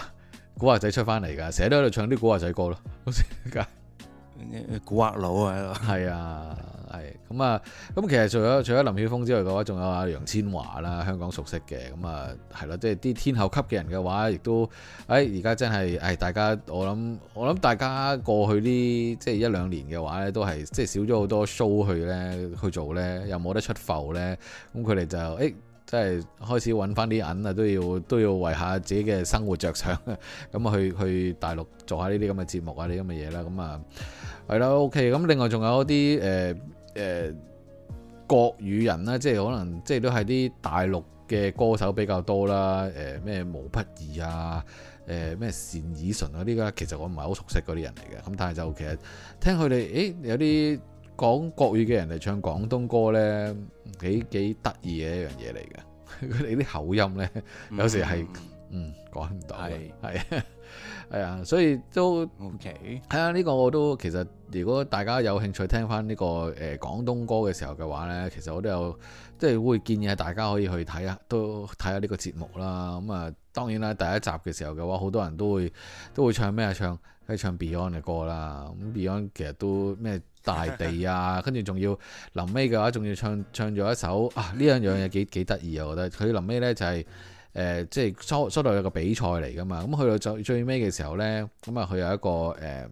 古惑仔出翻嚟噶，成日都喺度唱啲古惑仔歌咯，好似古惑佬啊，係 [laughs] [laughs] 啊。係咁啊，咁、嗯、其實除咗除咗林曉峰之外嘅話，仲有阿楊千嬅啦，香港熟悉嘅咁啊，係、嗯、咯，即係啲天后級嘅人嘅話，亦都誒而家真係誒、哎、大家，我諗我諗大家過去呢，即係一兩年嘅話咧，都係即係少咗好多 show 去咧去做咧，又冇得出埠咧，咁佢哋就誒即係開始揾翻啲銀啊，都要都要為下自己嘅生活着想啊，咁 [laughs] 去去大陸做下呢啲咁嘅節目啊，呢啲咁嘅嘢啦，咁啊係啦，OK，咁另外仲有啲誒。呃誒、呃，國語人啦，即係可能，即係都係啲大陸嘅歌手比較多啦。誒、呃，咩毛不易啊，誒、呃，咩單依純嗰啲啦，其實我唔係好熟悉嗰啲人嚟嘅。咁但係就其實聽佢哋，誒，有啲講國語嘅人嚟唱廣東歌咧，幾幾得意嘅一樣嘢嚟嘅。佢哋啲口音咧，有時係，嗯，講唔、嗯、到，係啊、哎。係啊，所以都 OK。係啊，呢個我都其實如果大家有興趣聽翻呢、這個誒、呃、廣東歌嘅時候嘅話呢，其實我都有即係會建議大家可以去睇下，都睇下呢個節目啦。咁、嗯、啊，當然啦，第一集嘅時候嘅話，好多人都會都會唱咩啊，唱即係唱 Beyond 嘅歌啦。咁、嗯、Beyond 其實都咩大地啊， [laughs] 跟住仲要臨尾嘅話，仲要唱唱咗一首啊，呢樣樣嘢幾幾得意啊，我覺得佢臨尾呢就係、是。誒、呃，即係初初度有個比賽嚟㗎嘛，咁、嗯、去到最最尾嘅時候呢，咁啊佢有一個誒、呃、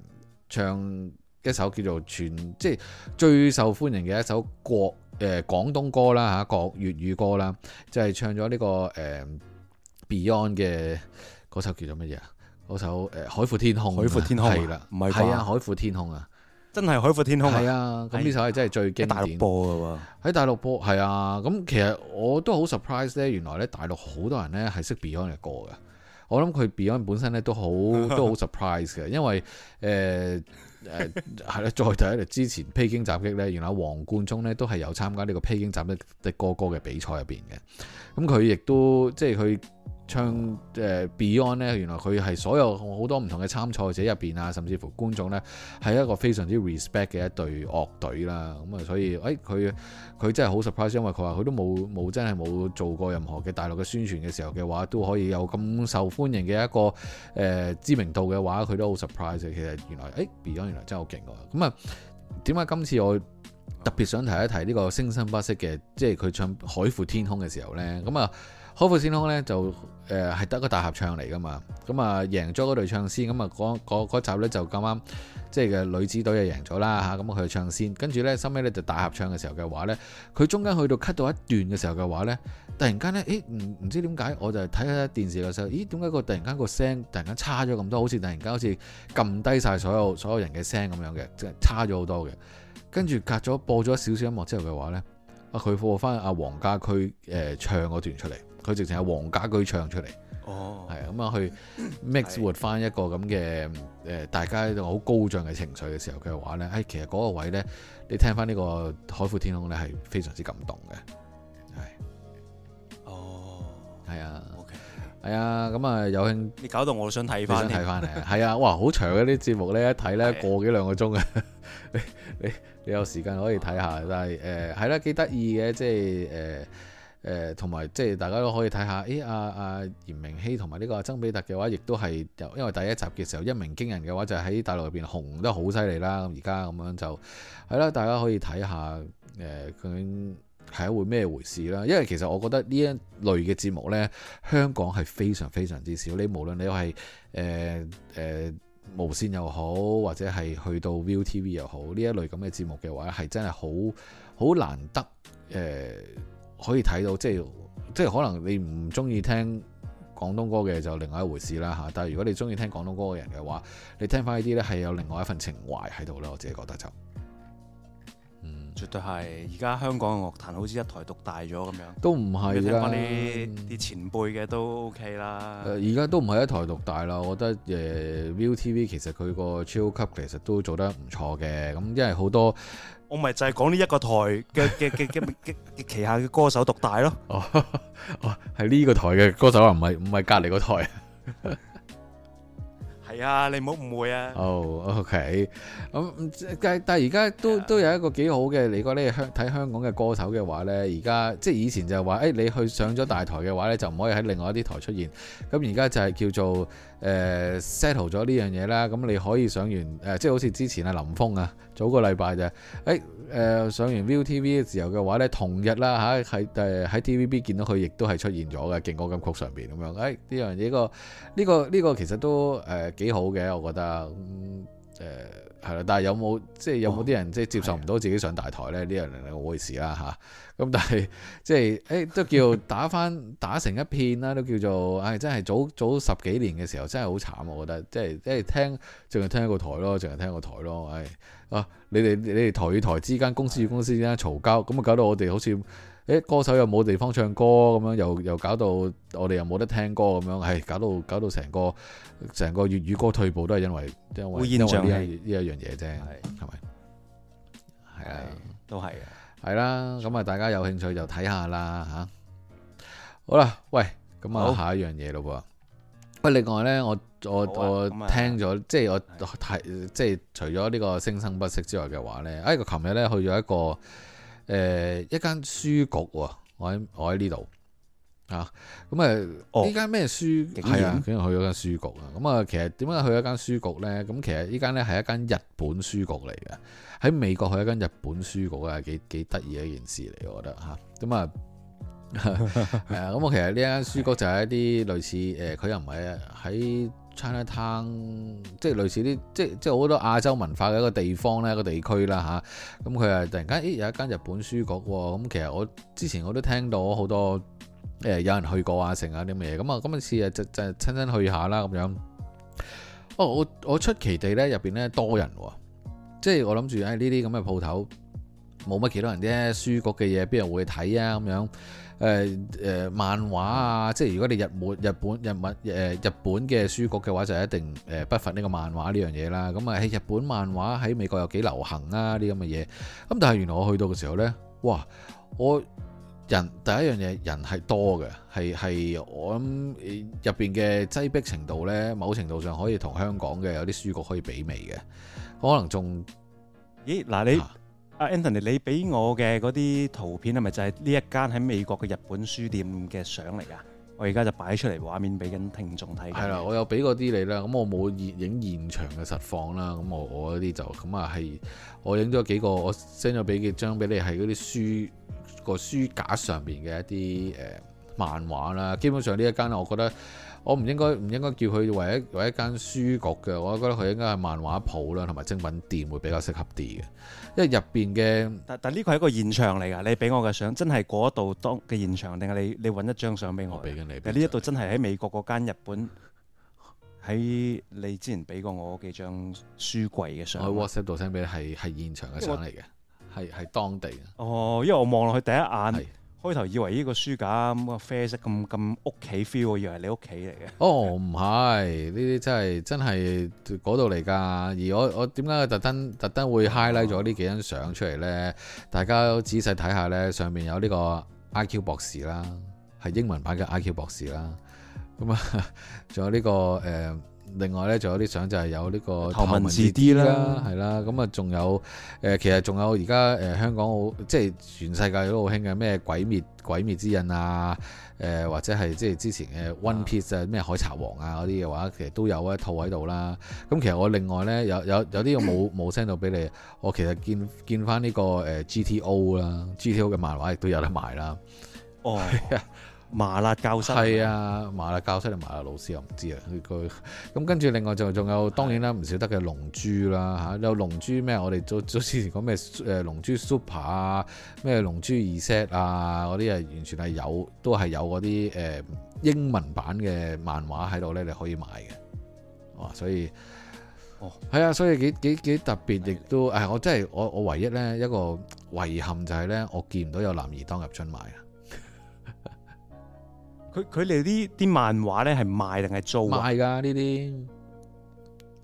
唱一首叫做全，即係最受歡迎嘅一首國誒、呃、廣東歌啦嚇，國粵語歌啦，就係、是、唱咗呢、這個誒、呃、Beyond 嘅嗰首叫做乜嘢啊？嗰首誒海闊天空，海闊天空係啦，唔係係啊，海闊天空啊！了真係海闊天空 [noise] 啊！係啊，咁呢首係真係最經典。喺大陸播噶喎，喺大陸播係啊。咁、嗯、其實我都好 surprise 呢。原來呢大陸好多人呢係識 Beyond 嘅歌噶。我諗佢 Beyond 本身呢 [laughs] 都好都好 surprise 嘅，因為誒誒係啦。呃、 [laughs] 再提一提之前披荊斬棘呢，原來黃貫中呢都係有參加呢個披荊斬棘的哥哥嘅比賽入邊嘅。咁佢亦都即係佢。唱誒 Beyond 呢？原來佢係所有好多唔同嘅參賽者入邊啊，甚至乎觀眾呢，係一個非常之 respect 嘅一隊樂隊啦。咁、嗯、啊，所以誒佢佢真係好 surprise，因為佢話佢都冇冇真係冇做過任何嘅大陸嘅宣傳嘅時候嘅話，都可以有咁受歡迎嘅一個誒、呃、知名度嘅話，佢都好 surprise 其實原來誒、哎、Beyond 原來真係好勁㗎。咁、嗯、啊，點解今次我特別想提一提呢個《聲生不息》嘅，即係佢唱《海闊天空》嘅時候呢。咁、嗯、啊～、嗯嗯《海闊天空》咧就誒係得個大合唱嚟噶嘛，咁、嗯、啊贏咗嗰隊先唱先，咁啊嗰集咧就咁啱，即係嘅女子隊又贏咗啦嚇，咁、啊、佢唱先，跟住咧收尾咧就大合唱嘅時候嘅話咧，佢中間去到 cut 到一段嘅時候嘅話咧，突然間咧，誒唔唔知點解，我就睇下電視嘅時候，咦點解個突然間個聲突然間差咗咁多，好似突然間好似撳低晒所有所有人嘅聲咁樣嘅，即係差咗好多嘅，跟住隔咗播咗少少音樂之後嘅話咧，啊佢播翻阿黃家駒誒唱嗰段出嚟。佢直情係黃家駒唱出嚟，係啊、哦，咁啊去 mix up 翻一個咁嘅誒，大家好高漲嘅情緒嘅時候嘅話咧，誒，其實嗰個位咧，你聽翻呢、這個《海闊天空》咧，係非常之感動嘅，係，哦，係啊，係 okay, 啊，咁啊有興，你搞到我想睇翻，回回你想睇翻嚟，係 [laughs] 啊，哇，好長嘅啲節目咧，一睇咧、啊、過幾兩個鐘啊。 [laughs] 你你你有時間可以睇下，嗯、但係誒係啦，幾得意嘅，即係誒。呃誒同埋即係大家都可以睇下，誒阿阿嚴明熙同埋呢個、啊、曾比特嘅話，亦都係因為第一集嘅時候一鳴驚人嘅話，就喺、是、大陸入邊紅得好犀利啦。而家咁樣就係啦、嗯，大家可以睇下誒究竟係會咩回事啦。因為其實我覺得呢一類嘅節目呢，香港係非常非常之少。你無論你係誒誒無線又好，或者係去到 ViuTV 又好，呢一類咁嘅節目嘅話，係真係好好難得誒。呃可以睇到，即係即係可能你唔中意聽廣東歌嘅就另外一回事啦吓。但係如果你中意聽廣東歌嘅人嘅話，你聽翻呢啲咧，係有另外一份情懷喺度啦。我自己覺得就，嗯，絕對係。而家香港嘅樂壇好似一台獨大咗咁樣，都唔係啦。啲、嗯、前輩嘅都 OK 啦。而家、呃、都唔係一台獨大啦。我覺得誒、呃、ViuTV 其實佢個 Chill Club 其實都做得唔錯嘅。咁因為好多。我咪就係講呢一個台嘅嘅嘅嘅旗下嘅歌手獨大咯。哦，係呢個台嘅歌手啊，唔係唔係隔離嗰台。 [laughs] 係啊，你唔好誤會啊。哦、oh，OK、嗯。咁但但而家都 Yeah. 都有一個幾好嘅，你覺呢香睇香港嘅歌手嘅話呢？而家即係以前就係話，誒、欸、你去上咗大台嘅話呢，就唔可以喺另外一啲台出現。咁而家就係叫做誒 settle 咗呢樣嘢啦。咁、呃、你可以上完誒、呃，即係好似之前啊林峯啊，早個禮拜就誒。欸誒、呃、上完 ViuTV 嘅時候嘅話呢，同日啦嚇，喺、啊、誒喺 TVB 見到佢，亦都係出現咗嘅勁歌金曲上邊咁樣，誒呢樣嘢呢個呢、這個呢、這個其實都誒幾、呃、好嘅，我覺得。嗯誒，係啦、嗯，但係有冇即係有冇啲人即係接受唔到自己上大台咧？呢樣嘢另外一回事啦吓。咁、啊嗯、但係即係誒、欸，都叫打翻、 [laughs] 打成一片啦，都叫做唉、欸，真係早早十幾年嘅時候真係好慘，我覺得即係即係聽淨係聽一個台咯，淨係聽一個台咯，唉、欸，啊，你哋你哋台與台之間，公司與公司之間嘈交，咁啊搞到我哋好似。誒歌手又冇地方唱歌咁樣，又又搞到我哋又冇得聽歌咁樣，係、哎、搞到搞到成個成個粵語歌退步都，都係因為因為呢一呢樣嘢啫，係咪？係啊，都係啊，係啦。咁啊，大家有興趣就睇下啦嚇。好啦，喂，咁好啊，下一樣嘢咯噃。喂，另外咧，我我我聽咗，啊、即係我睇，的即係除咗呢個聲生不息之外嘅話咧，哎，我琴日咧去咗一個。誒一間書局喎，我喺我喺呢度啊，咁誒呢間咩書？係然啊，今日去咗間書局啊，咁、嗯、啊，其實點解去咗間書局咧？咁其實呢間咧係一間日本書局嚟嘅，喺美國去一間日本書局啊，幾幾得意嘅一件事嚟，我覺得嚇。咁啊誒，咁、嗯、我、 [laughs] 嗯、其實呢間書局就係一啲類似誒，佢、呃、又唔係喺。China Town，即係類似啲，即係即係好多亞洲文化嘅一個地方咧，一個地區啦吓，咁佢係突然間，咦，有一間日本書局喎、哦。咁、嗯、其實我之前我都聽到好多誒、呃，有人去過啊，成啊啲咩嘢。咁、嗯、啊，咁今次啊，就就親親去下啦咁樣。哦，我我出奇地咧，入邊咧多人喎、哦。即係我諗住，喺呢啲咁嘅鋪頭冇乜其他人啫，書局嘅嘢邊人會睇啊咁樣。誒誒、呃呃、漫畫啊，即係如果你日漫、日本、日文誒日本嘅書局嘅話，就一定誒不乏呢個漫畫呢樣嘢啦。咁啊，喺日本漫畫喺美國有幾流行啊啲咁嘅嘢。咁但係原來我去到嘅時候呢，哇！我人第一樣嘢人係多嘅，係係我諗入邊嘅擠逼程度呢，某程度上可以同香港嘅有啲書局可以媲美嘅，可能仲咦嗱你。啊阿 Anthony，你俾我嘅嗰啲圖片係咪就係呢一間喺美國嘅日本書店嘅相嚟噶？我而家就擺出嚟畫面俾緊聽眾睇。係啦，我有俾嗰啲你啦，咁我冇影現場嘅實況啦，咁我我嗰啲就咁啊係，我影咗幾個，我 send 咗幾張俾你係嗰啲書個書架上邊嘅一啲誒、呃、漫畫啦。基本上呢一間，我覺得。我唔應該唔應該叫佢為一為一間書局嘅，我覺得佢應該係漫畫鋪啦，同埋精品店會比較適合啲嘅。因為入邊嘅，但但呢個係一個現場嚟㗎。你俾我嘅相真係嗰度當嘅現場，定係你你揾一張相俾我？我俾緊你。呢一度真係喺美國嗰間日本喺你之前俾過我幾張書櫃嘅相。我喺 WhatsApp 度 send 俾你係係現場嘅相嚟嘅，係係當地嘅。哦，因為我望落去第一眼。開頭以為呢個書架啡色咁咁屋企 feel，以為你屋企嚟嘅。哦、oh，唔係，呢啲真係真係嗰度嚟㗎。而我我點解特登特登會 highlight 咗呢幾張相出嚟呢？嗯、大家都仔細睇下呢，上面有呢個 IQ 博士啦，係英文版嘅 IQ 博士啦。咁啊、呢個，仲有呢個誒。另外咧、這個，仲有啲相就係有呢個文字啲啦瓷、嗯，係啦，咁啊仲有誒，其實仲有而家誒香港好，即係全世界都好興嘅咩鬼滅鬼滅之刃啊，誒、呃、或者係即係之前誒 One Piece 啊，咩、啊、海賊王啊嗰啲嘅話，其實都有一套喺度啦。咁其實我另外咧有有有啲冇冇 send 到俾你，嗯、我其實見見翻呢、這個誒、呃、GTO 啦，GTO 嘅漫畫亦都有得賣啦。哦。 [laughs] 麻辣教室，係啊，麻辣教室，定麻辣老師我唔知啊，佢 [laughs] 咁跟住另外就仲有，當然啦，唔少得嘅龍珠啦嚇，的有龍珠咩？我哋都好似講咩誒龍珠 Super 啊，咩龍珠 Z 啊嗰啲啊，完全係有，都係有嗰啲誒英文版嘅漫畫喺度咧，你可以買嘅，哇！所以哦，係啊，所以幾幾幾特別，亦的都誒，我真係我我唯一咧一個遺憾就係咧，我見唔到有男兒當入樽買啊！佢佢哋啲啲漫畫咧係賣定係租？賣㗎呢啲，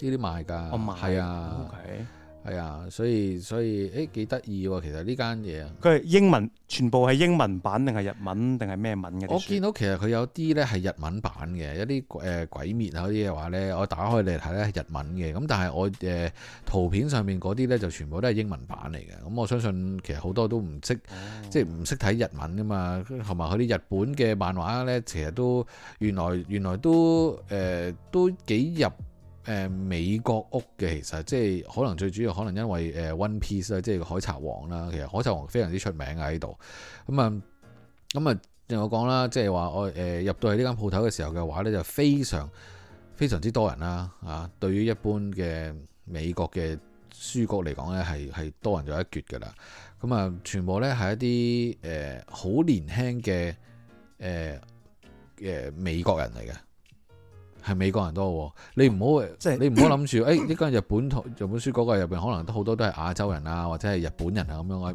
呢啲賣㗎，哦、賣、係啊。Okay. 係啊，所以所以誒幾得意喎，其實呢間嘢啊，佢係英文，全部係英文版定係日文定係咩文嘅？我見到其實佢有啲呢係日文版嘅，有啲誒鬼滅啊嗰啲嘅話呢。我打開嚟睇呢係日文嘅，咁但係我誒、呃、圖片上面嗰啲呢就全部都係英文版嚟嘅，咁我相信其實好多都唔識，哦、即係唔識睇日文噶嘛，同埋嗰啲日本嘅漫畫呢，其實都原來原來都誒、呃、都幾入。誒美國屋嘅其實即係可能最主要可能因為誒 One Piece 啦，即係《海賊王》啦。其實《海賊王》非常之出名啊喺度。咁啊，咁啊，我講啦，即係話我誒、呃、入到去呢間鋪頭嘅時候嘅話呢，就非常非常之多人啦。啊，對於一般嘅美國嘅書局嚟講呢，係係多人有一橛噶啦。咁啊，全部呢係一啲誒好年輕嘅誒誒美國人嚟嘅。係美國人多，你唔好，即係是你唔好諗住，誒呢間日本圖日本書嗰個入邊可能都好多都係亞洲人啊，或者係日本人啊咁樣啊，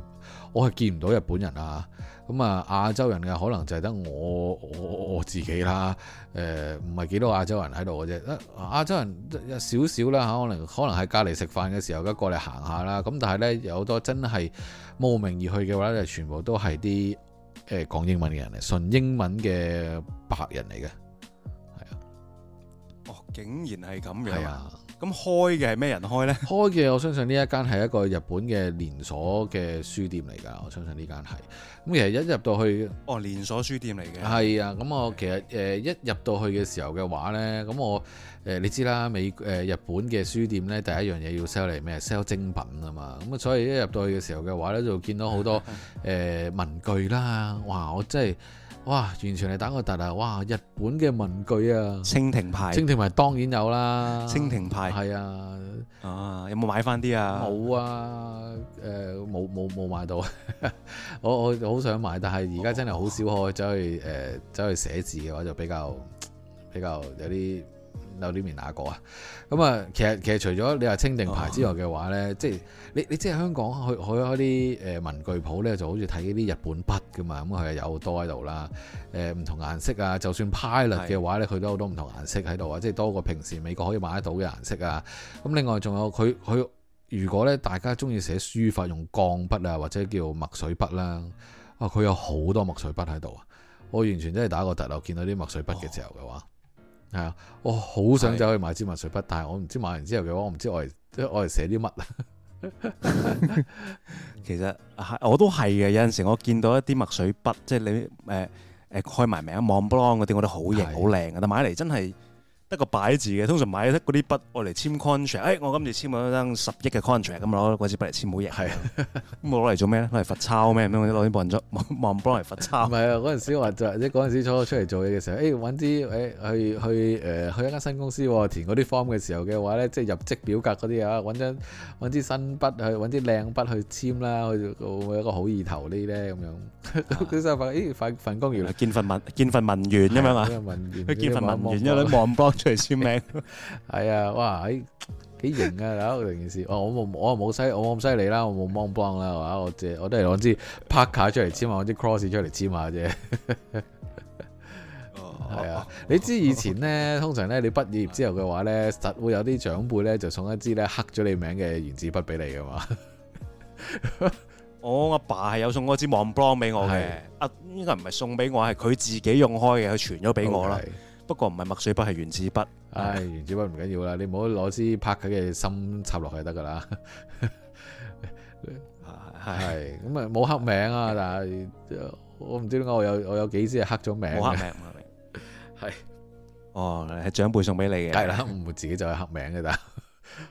我我係見唔到日本人啊，咁啊亞洲人嘅可能就係得我我我自己啦，誒唔係幾多亞洲人喺度嘅啫，亞洲人少少啦嚇，可能可能喺隔離食飯嘅時候一個過嚟行下啦，咁但係呢，有好多真係慕名而去嘅話呢全部都係啲誒講英文嘅人嚟，純英文嘅白人嚟嘅。哦、竟然係咁樣，係啊！咁開嘅係咩人開呢？開嘅我相信呢一間係一個日本嘅連鎖嘅書店嚟㗎，我相信呢間係。咁其實一入到去，哦，連鎖書店嚟嘅，係啊。咁我其實誒係嘅、呃、一入到去嘅時候嘅話呢，咁我誒你知啦，美誒日本嘅書店呢，第一樣嘢要 sell 嚟咩？sell 精品啊嘛。咁啊，所以一入到去嘅時候嘅話呢，就見到好多誒、呃、文具啦。哇，我真係～哇！完全係打個突啊！哇！日本嘅文具啊，蜻蜓牌，蜻蜓牌當然有啦，蜻蜓牌係啊，啊有冇買翻啲啊？冇啊，誒冇冇冇買到， [laughs] 我我好想買，但係而家真係好少可，走去誒走去寫字嘅話就比較比較有啲。有啲面哪個啊？咁啊，其實其實除咗你話清定牌之外嘅話呢，哦、即係你你即係香港去去開啲誒文具鋪呢，就好似睇啲日本筆噶嘛，咁佢係有好多喺度啦。呃、唔同顏色啊，就算 pilot 嘅話呢，佢都好多唔同顏色喺度啊，即係多過平時美國可以買得到嘅顏色啊。咁另外仲有佢佢如果呢，大家中意寫書法用鋼筆啊，或者叫墨水筆啦，啊佢有好多墨水筆喺度啊，我完全真係打個突漏，見到啲墨水筆嘅時候嘅話。哦。係啊，我好想走去買支墨水筆，的但係我唔知買完之後嘅話，我唔知我嚟即係我係寫啲乜啊。 [laughs] [laughs] 其實啊，我都係嘅。有陣時我見到一啲墨水筆，即係你誒誒開埋名、望波 n 嗰啲，我都好型、好靚嘅。但係買嚟真係～得個擺字嘅，通常買得嗰啲筆我嚟簽 contract，誒我今次簽咗張十億嘅 contract 咁咯，攞支筆嚟簽冇嘢。係啊，咁我攞嚟做咩咧？攞嚟罰抄咩？唔通我攞啲墨印筆墨印幫嚟罰抄？唔係啊，嗰陣時話就係即嗰陣時初出嚟做嘢嘅時候，誒揾啲誒去去誒去一間新公司填嗰啲 form 嘅時候嘅話咧，即入職表格嗰啲啊，揾張揾支新筆去揾啲靚筆去簽啦，去會唔會有個好意頭啲咧咁樣？咁佢就發誒份份工原來見份文見份文員咁樣啊，佢見份文員，因為你墨印筆。出嚟簽名，係啊， [music] [laughs] 哇，幾型啊，搞成件事。我我我冇犀，我冇咁犀利啦，我冇 Montblanc 啦，我只我都係攞支拍卡出嚟簽下，攞支 cross 出嚟簽下啫。哦，係啊，你知以前咧，通常咧，你畢業之後嘅話咧，實會有啲長輩咧就送一支咧刻咗你名嘅原子筆俾你噶嘛。 [laughs] 我阿爸係有送我支 Montblanc 俾我嘅，啊的，應該唔係送俾我，係佢自己用開嘅，佢傳咗俾我啦。Okay. 不過唔係墨水筆，係原子筆。唉，原子筆唔緊要啦，你唔好攞支拍佢嘅芯插落去就得噶啦。係、 [laughs] 啊，咁啊冇刻名啊，啊但係我唔知點解我有我有幾支係刻咗名刻名，冇刻名。係，哦，係長輩送俾你嘅。係啦，唔 [laughs] 會自己就係刻名嘅，但係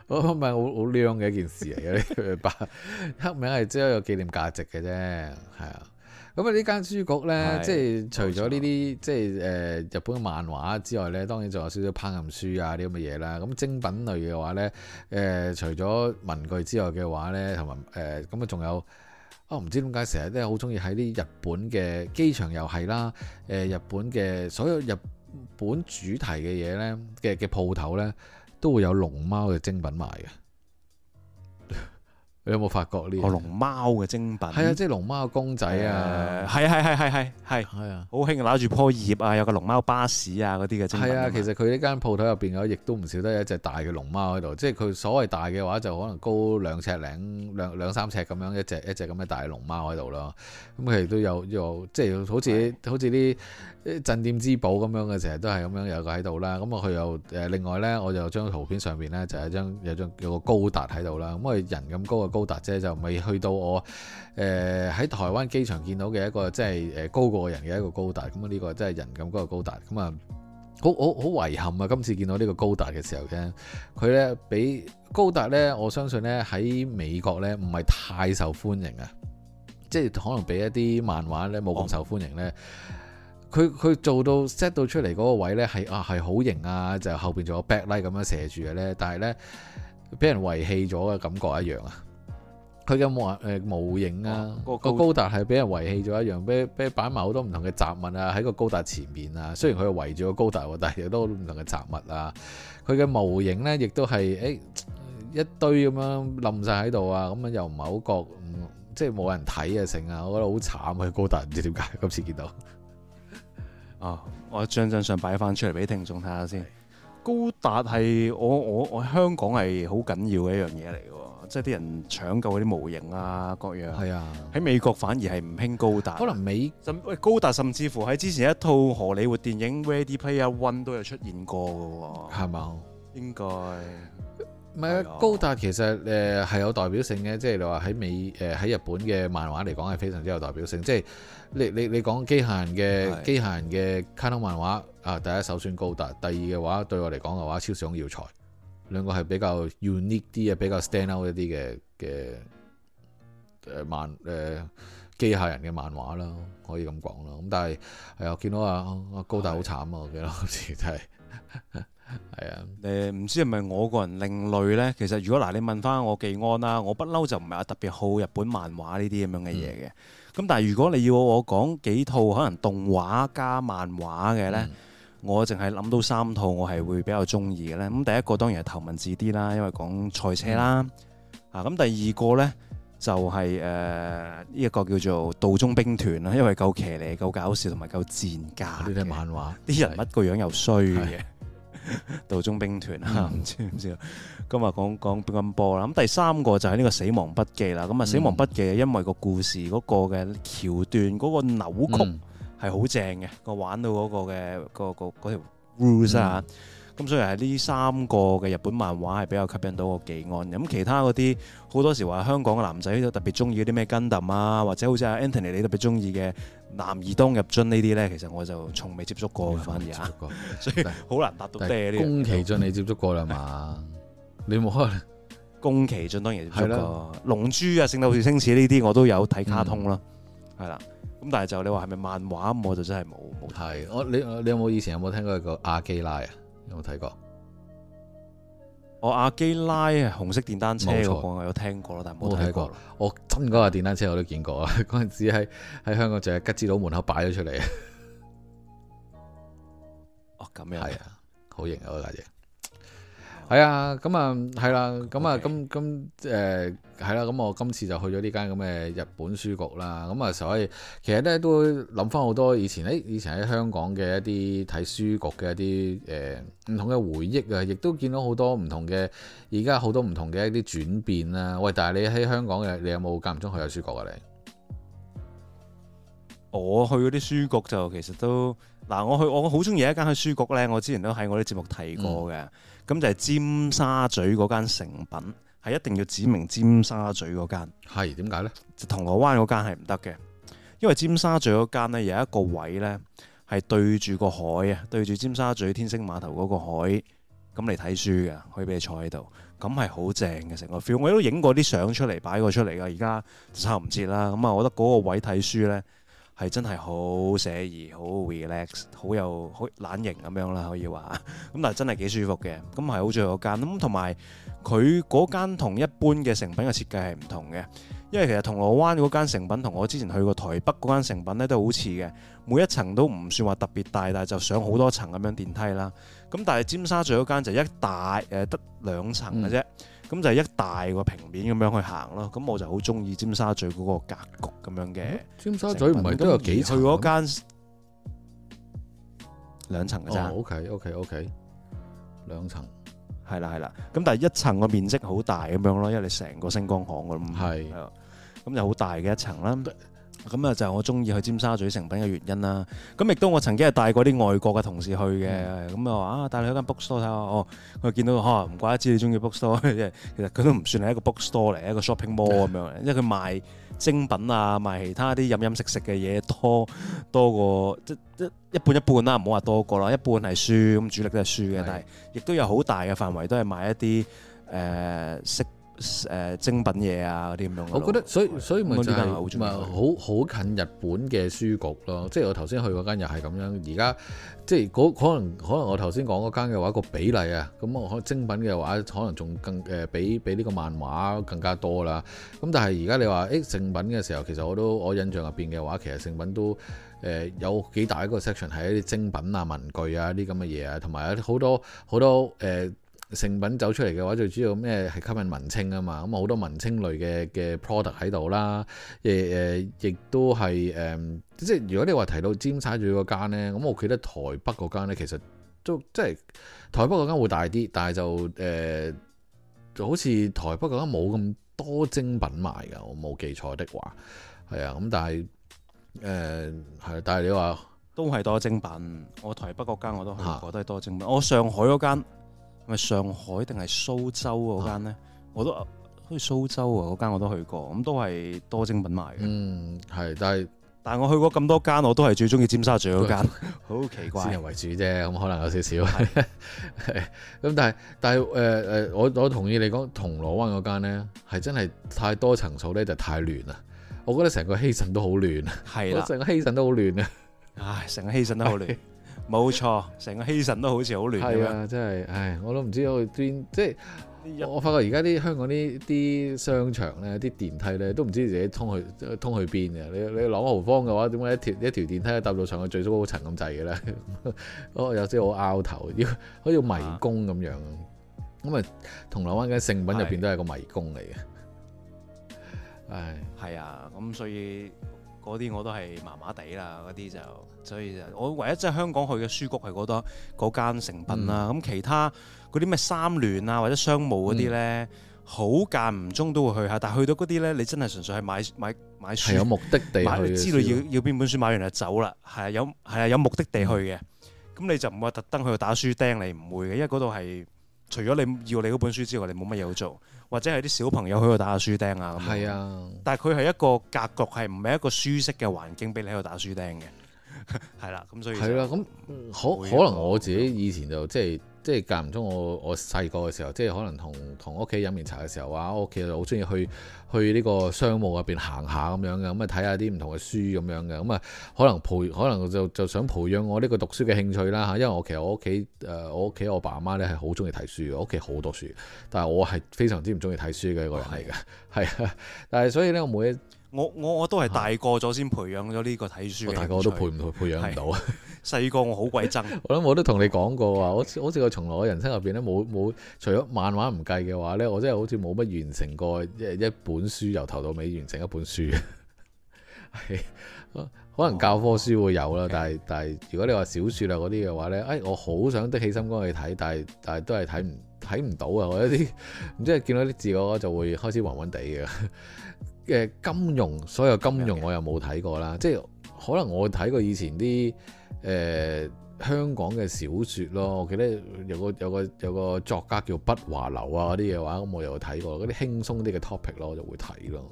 我咪好好娘嘅一件事嚟。白刻名係真係有紀念價值嘅啫，係啊。 [laughs] [laughs] 咁啊，呢間書局呢，是即係除咗呢啲即係誒、呃、日本漫畫之外呢，當然仲有少少烹飪書啊啲咁嘅嘢啦。咁精品類嘅話呢，誒、呃、除咗文具之外嘅話呢，同埋誒咁啊，仲、呃、有我唔、哦、知點解成日都好鍾意喺啲日本嘅機場又係啦，誒、呃、日本嘅所有日本主題嘅嘢呢嘅嘅鋪頭呢，都會有龍貓嘅精品賣嘅。你有冇發覺呢？哦，龍貓嘅精品係啊，即係龍貓公仔啊，係係係係係係，係啊，好興攬住棵葉啊，有個龍貓巴士啊嗰啲嘅精品。係啊，其實佢呢間鋪頭入邊嘅亦都唔少得一隻大嘅龍貓喺度，即係佢所謂大嘅話就可能高兩尺零兩兩三尺咁樣一隻一隻咁嘅大嘅龍貓喺度啦。咁佢亦都有，有，有即係好似好似啲鎮店之寶咁樣嘅，成日都係咁樣有個喺度啦。咁啊佢又另外呢，我就張圖片上面呢，就係一張，有張，有個高達喺度啦。咁佢人咁高嘅高。高達啫，就未去到我誒喺、呃、台灣機場見到嘅一個即係誒高過人嘅一個高達咁啊！呢個真係人咁高嘅高達咁啊，好好好遺憾啊！今次見到呢個高達嘅時候咧，佢咧比高達咧，我相信咧喺美國咧唔係太受歡迎啊，即係可能比一啲漫畫咧冇咁受歡迎咧。佢佢做到 set 到出嚟嗰個位咧係啊係好型啊，就後邊仲有 backlight 咁樣射住嘅咧，但係咧俾人遺棄咗嘅感覺一樣啊！佢嘅模誒模型啊，個高達係俾人遺棄咗一樣，俾俾擺埋好多唔同嘅雜物啊喺個高達前面啊。雖然佢係圍住個高達喎，但係有好多唔同嘅雜物啊。佢嘅模型咧，亦都係誒、欸、一堆咁樣冧晒喺度啊。咁樣又唔係好覺，即係冇人睇啊成啊，我覺得好慘啊！高達唔知點解今次見到啊、哦，我將張相擺翻出嚟俾聽眾睇下先。高達係我我我香港係好緊要嘅一樣嘢嚟嘅。即係啲人搶救嗰啲模型啊，各樣。係啊，喺美國反而係唔興高達。可能美甚喂，高達甚至乎喺之前一套荷里活電影《Ready Player One》都有出現過嘅喎。係嘛。應該。唔係啊，高達其實誒係有代表性嘅，即係你話喺美誒喺日本嘅漫畫嚟講係非常之有代表性。即係你你你講機械人嘅機械人嘅卡通漫畫啊，第一首選高達，第二嘅話對我嚟講嘅話超想要財。兩個係比較 unique 啲嘅，比較 stand out 一啲嘅嘅誒漫誒機械人嘅漫畫啦，可以咁講啦。咁但係係啊，見、哎、到啊阿高大好慘啊，我記得好似係係啊。誒唔 [laughs] 的知係咪我個人另類咧？其實如果嗱，你問翻我技安啦，我不嬲就唔係話特別好日本漫畫呢啲咁樣嘅嘢嘅。咁、嗯、但係如果你要我講幾套可能動畫加漫畫嘅咧？嗯我淨係諗到三套，我係會比較中意嘅咧。咁第一個當然係《頭文字 D》啦，因為講賽車啦。啊，咁第二個咧就係誒呢一個叫做《道中兵團》啦，因為夠騎呢、夠搞笑同埋夠賤格。呢啲係漫畫，啲人物個樣又衰嘅。道中兵團啊，唔知唔知。咁啊，今日講講乒乓波啦。咁第三個就係呢個《死亡筆記》啦。咁啊，《死亡筆記》因為個故事嗰個嘅橋段嗰個扭曲。係好正嘅，我玩到嗰個嘅個個嗰條 rules 啊，咁所以係呢三個嘅日本漫畫係比較吸引到我幾安。咁其他嗰啲好多時話香港嘅男仔都特別中意嗰啲咩 Gundam 啊，或者好似 Anthony 你特別中意嘅男兒當入樽呢啲咧，其實我就從未接觸過，反而所以好難達到嗲呢。宮崎駿你接觸過啦嘛？你冇開宮崎駿，當然接觸過，龍珠啊、聖鬥士星矢呢啲我都有睇卡通啦，係啦。咁但係就你話係咪漫畫，我就真係冇冇睇。我看、哦、你你有冇以前有冇聽過個阿基拉啊？有冇睇過？我、哦、阿基拉紅色電單車嗰、那、我、個、錯有聽過咯，但係冇睇過。我真嗰個電單車我都見過啊！嗰陣時喺喺香港就喺吉之島門口擺咗出嚟。哦，咁樣係啊，好型啊，大姐。係啊，咁啊，係啦，咁啊，咁咁誒，係啦，咁我今次就去咗呢間咁嘅日本書局啦。咁啊，所以其實咧都諗翻好多以前誒，以前喺香港嘅一啲睇書局嘅一啲誒唔同嘅回憶啊，亦都見到好多唔同嘅而家好多唔同嘅一啲轉變啊。喂，但係你喺香港嘅，你有冇間唔中去下書局啊？你我去嗰啲書局就其實都嗱，我去我好中意一間去書局咧，我之前都喺我啲節目睇過嘅。咁就係尖沙咀嗰間成品，係一定要指明尖沙咀嗰間。係點解呢？銅鑼灣嗰間係唔得嘅，因為尖沙咀嗰間呢有一個位呢係對住個海啊，對住尖沙咀天星碼頭嗰個海咁嚟睇書嘅，可以俾你坐喺度，咁係好正嘅成個 feel。我都影過啲相出嚟擺過出嚟噶，而家差唔切啦。咁啊，我覺得嗰個位睇書呢。係真係好寫意，好 relax，好有好懶型咁樣啦，可以話咁，但係真係幾舒服嘅。咁係好在嗰間咁，同埋佢嗰間同一般嘅誠品嘅設計係唔同嘅，因為其實銅鑼灣嗰間誠品同我之前去過台北嗰間誠品咧都好似嘅，每一層都唔算話特別大，但係就上好多層咁樣電梯啦。咁但係尖沙咀嗰間就一大誒，得兩層嘅啫。嗯咁就係一大個平面咁樣去行咯，咁我就好中意尖沙咀嗰個格局咁樣嘅。尖沙咀唔係都有幾層？去嗰間兩層㗎啫。OK OK OK，兩層。係啦係啦，咁但係一層個面積好大咁樣咯，因為你成個星光行咁，係啊，咁就好大嘅一層啦。咁啊，就我中意去尖沙咀成品嘅原因啦。咁亦都我曾經係帶過啲外國嘅同事去嘅。咁啊話啊，帶你去間 bookstore 睇下。哦，我見到嚇，唔、啊、怪得知你中意 bookstore。即係其實佢都唔算係一個 bookstore 嚟，一個 shopping mall 咁樣。 [laughs] 因為佢賣精品啊，賣其他啲飲飲食食嘅嘢多多過即即一半一半啦、啊，唔好話多過啦。一半係書，咁主力都係書嘅，的但係亦都有好大嘅範圍都係賣一啲誒、呃誒精品嘢啊嗰啲咁樣，我覺得所以所以咪就咪好好近日本嘅書局咯，即係我頭先去嗰間又係咁樣。而家即係可能可能我頭先講嗰間嘅話個比例啊，咁我可能精品嘅話可能仲更誒，呃，比比呢個漫畫更加多啦。咁但係而家你話誒誠品嘅時候，其實我都我印象入邊嘅話，其實誠品都誒有，呃，有幾大一個 section 係一啲精品啊文具啊啲咁嘅嘢啊，同埋啊好多好多誒。成品走出嚟嘅話，最主要咩係吸引文青啊嘛，咁好多文青類嘅嘅 product 喺度啦，誒誒，亦都係誒、呃，即係如果你話提到尖沙咀嗰間咧，咁我記得台北嗰間咧，其實都即係台北嗰間會大啲，但係就誒，就、呃、好似台北嗰間冇咁多精品賣㗎，我冇記錯的話，係啊，咁但係誒係，但係、呃、你話都係多精品，我台北嗰間我都去過，我都係多精品，啊、我上海嗰間。係上海定係蘇州嗰間咧？啊、我都好似蘇州啊嗰間我都去過，咁都係多精品賣嘅。嗯，係，但係但係我去過咁多間，我都係最中意尖沙咀嗰間。好、嗯、奇怪。先入為主啫，咁可能有少少是。咁 [laughs] 但係但係誒誒，我、呃、我同意你講銅鑼灣嗰間咧，係真係太多層數咧就太亂啦。我覺得成個希慎都好亂啊，係啦，成個希慎都好亂啊，唉，成個希慎都好亂。冇錯，成個希慎都好似好亂咁啊，真係，唉，我都唔知去邊，即係我我發覺而家啲香港啲啲商場咧，啲電梯咧都唔知自己通去通去邊嘅。你你朗豪坊嘅話，點解一條一條電梯啊，搭到上去最高層咁滯嘅咧？我 [laughs] 有啲好拗頭，要 [laughs] 好似迷宮咁樣，咁啊銅鑼灣嘅誠品入邊都係個迷宮嚟嘅，的 [laughs] 唉，係啊，咁所以。嗰啲我都係麻麻地啦，嗰啲就所以就我唯一即係香港去嘅書局係嗰間，誠品啦。咁、嗯、其他嗰啲咩三聯啊或者商務嗰啲咧，好、嗯、間唔中都會去下。但係去到嗰啲咧，你真係純粹係買買買書，係有目的地去的，你知道要要邊本書買完就走啦。係有係啊有目的地去嘅，咁你就唔會特登去打書釘，你唔會嘅，因為嗰度係除咗你要你嗰本書之外，你冇乜嘢好做。或者係啲小朋友喺度打下書釘啊咁樣，啊、但係佢係一個格局，係唔係一個舒適嘅環境俾你喺度打書釘嘅，係 [laughs] 啦，咁所以係啦，咁、啊、可可能我自己以前就即係。即係間唔中，我我細個嘅時候，即係可能同同屋企飲完茶嘅時候啊，我屋企好中意去去呢個商務入邊行下咁樣嘅，咁啊睇下啲唔同嘅書咁樣嘅，咁啊可能培可能就就想培養我呢個讀書嘅興趣啦嚇，因為我其實我屋企誒我屋企我爸媽咧係好中意睇書嘅，屋企好多書，但係我係非常之唔中意睇書嘅一個人嚟嘅，係啊，但係所以咧我每。我我我都係大個咗先培養咗呢個睇書。我大個我都培唔培養唔到是。細個 [laughs] 我，我，我、哦、好鬼憎。我諗我都同你講過啊，好似好似我從來我人生入邊咧，冇冇除咗漫畫唔計嘅話咧，我真係好似冇乜完成過一一本書由頭到尾完成一本書。 [laughs] 可能教科書會有啦，但係但係如果你話小說啊嗰啲嘅話咧，哎我好想的起心肝去睇，但係但係都係睇唔睇唔到啊！我一啲即係見到啲字我就，就會開始暈暈地嘅。嘅金融，所有金融我又冇睇過啦，咩？即係可能我睇過以前啲誒、呃、香港嘅小説咯。我記得有個有個有個作家叫畢華流啊嗰啲嘢話，咁我又睇過嗰啲輕鬆啲嘅 topic 咯，我就會睇咯。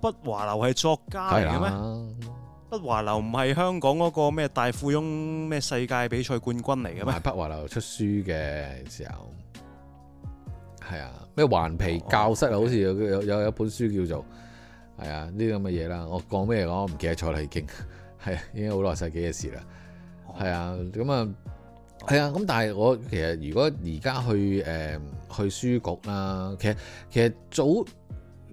畢華流係作家嚟咩？啊、畢華流唔係香港嗰個咩大富翁咩世界比賽冠軍嚟嘅咩？畢華流出書嘅時候。係啊，咩頑皮教室啊，好似有有有一本書叫做。係啊呢啲咁嘅嘢啦。我講咩我唔記得錯啦，已經係、 [laughs] 啊、已經好耐世紀嘅事啦。係啊，咁啊，係啊，咁但係我其實如果而家去誒、呃、去書局啦，其實其實早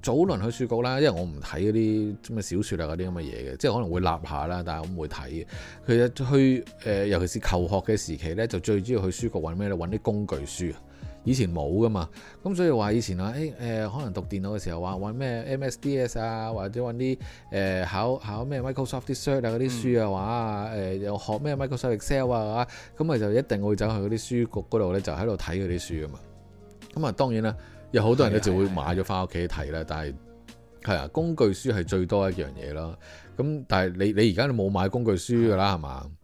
早輪去書局啦，因為我唔睇嗰啲咁嘅小説啊嗰啲咁嘅嘢嘅，即係可能會立下啦，但係我唔會睇佢其實去誒、呃，尤其是求學嘅時期咧，就最主要去書局揾咩咧？揾啲工具書。以前冇噶嘛，咁所以話以前啊，誒、欸、誒、呃、可能讀電腦嘅時候話揾咩 MSDS 啊，或者揾啲誒考考咩 Microsoft、啊、的 Share 嗰啲書啊，話啊又學咩 Microsoft Excel 啊，話咁咪就一定會走去嗰啲書局嗰度咧，就喺度睇嗰啲書噶嘛。咁啊當然啦，有好多人咧就會買咗返屋企睇啦，是是是是但係係啊，工具書係最多一樣嘢咯。咁但係你你而家你冇買工具書㗎啦，係嘛、嗯？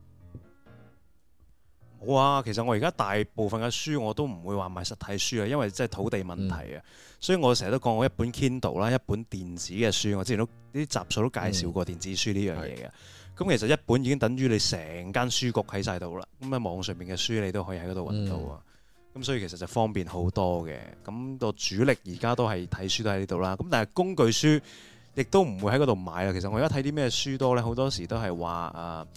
哇，其實我而家大部分嘅書我都唔會話買實體書啊，因為即係土地問題啊，嗯、所以我成日都講我一本 Kindle 啦，一本電子嘅書。我之前都啲集數都介紹過電子書呢、嗯、樣嘢嘅。咁、嗯、其實一本已經等於你成間書局喺晒度啦。咁喺網上面嘅書你都可以喺嗰度搵到啊。咁、嗯、所以其實就方便好多嘅。咁個主力而家都係睇書都喺呢度啦。咁但係工具書亦都唔會喺嗰度買啊。其實我而家睇啲咩書多咧，好多時都係話啊。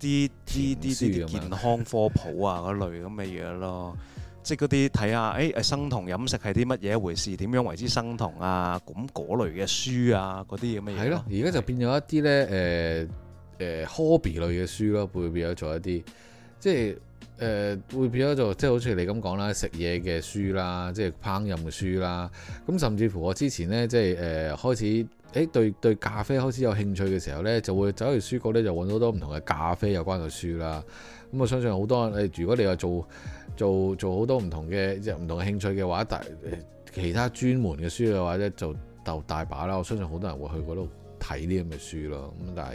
啲啲啲啲健康科普啊嗰 [laughs] 類咁嘅嘢咯，即係嗰啲睇下，誒、哎、生酮飲食係啲乜嘢一回事，點樣為之生酮啊咁嗰類嘅書啊嗰啲咁嘅嘢。係咯，而家就變咗一啲咧，誒、呃、誒、呃、hobby 類嘅書咯，會變咗做一啲，即係誒、呃、會變咗做，即係好似你咁講啦，食嘢嘅書啦，即係烹飪嘅書啦，咁甚至乎我之前咧，即係誒、呃、開始。誒、欸、對對,對咖啡開始有興趣嘅時候呢，就會走去書局呢，就揾到好多唔同嘅咖啡有關嘅書啦。咁、嗯、我相信好多人誒、欸，如果你話做做做好多唔同嘅即唔同嘅興趣嘅話，大其他專門嘅書嘅話呢，就就大把啦。我相信好多人會去嗰度睇啲咁嘅書咯。咁、嗯、但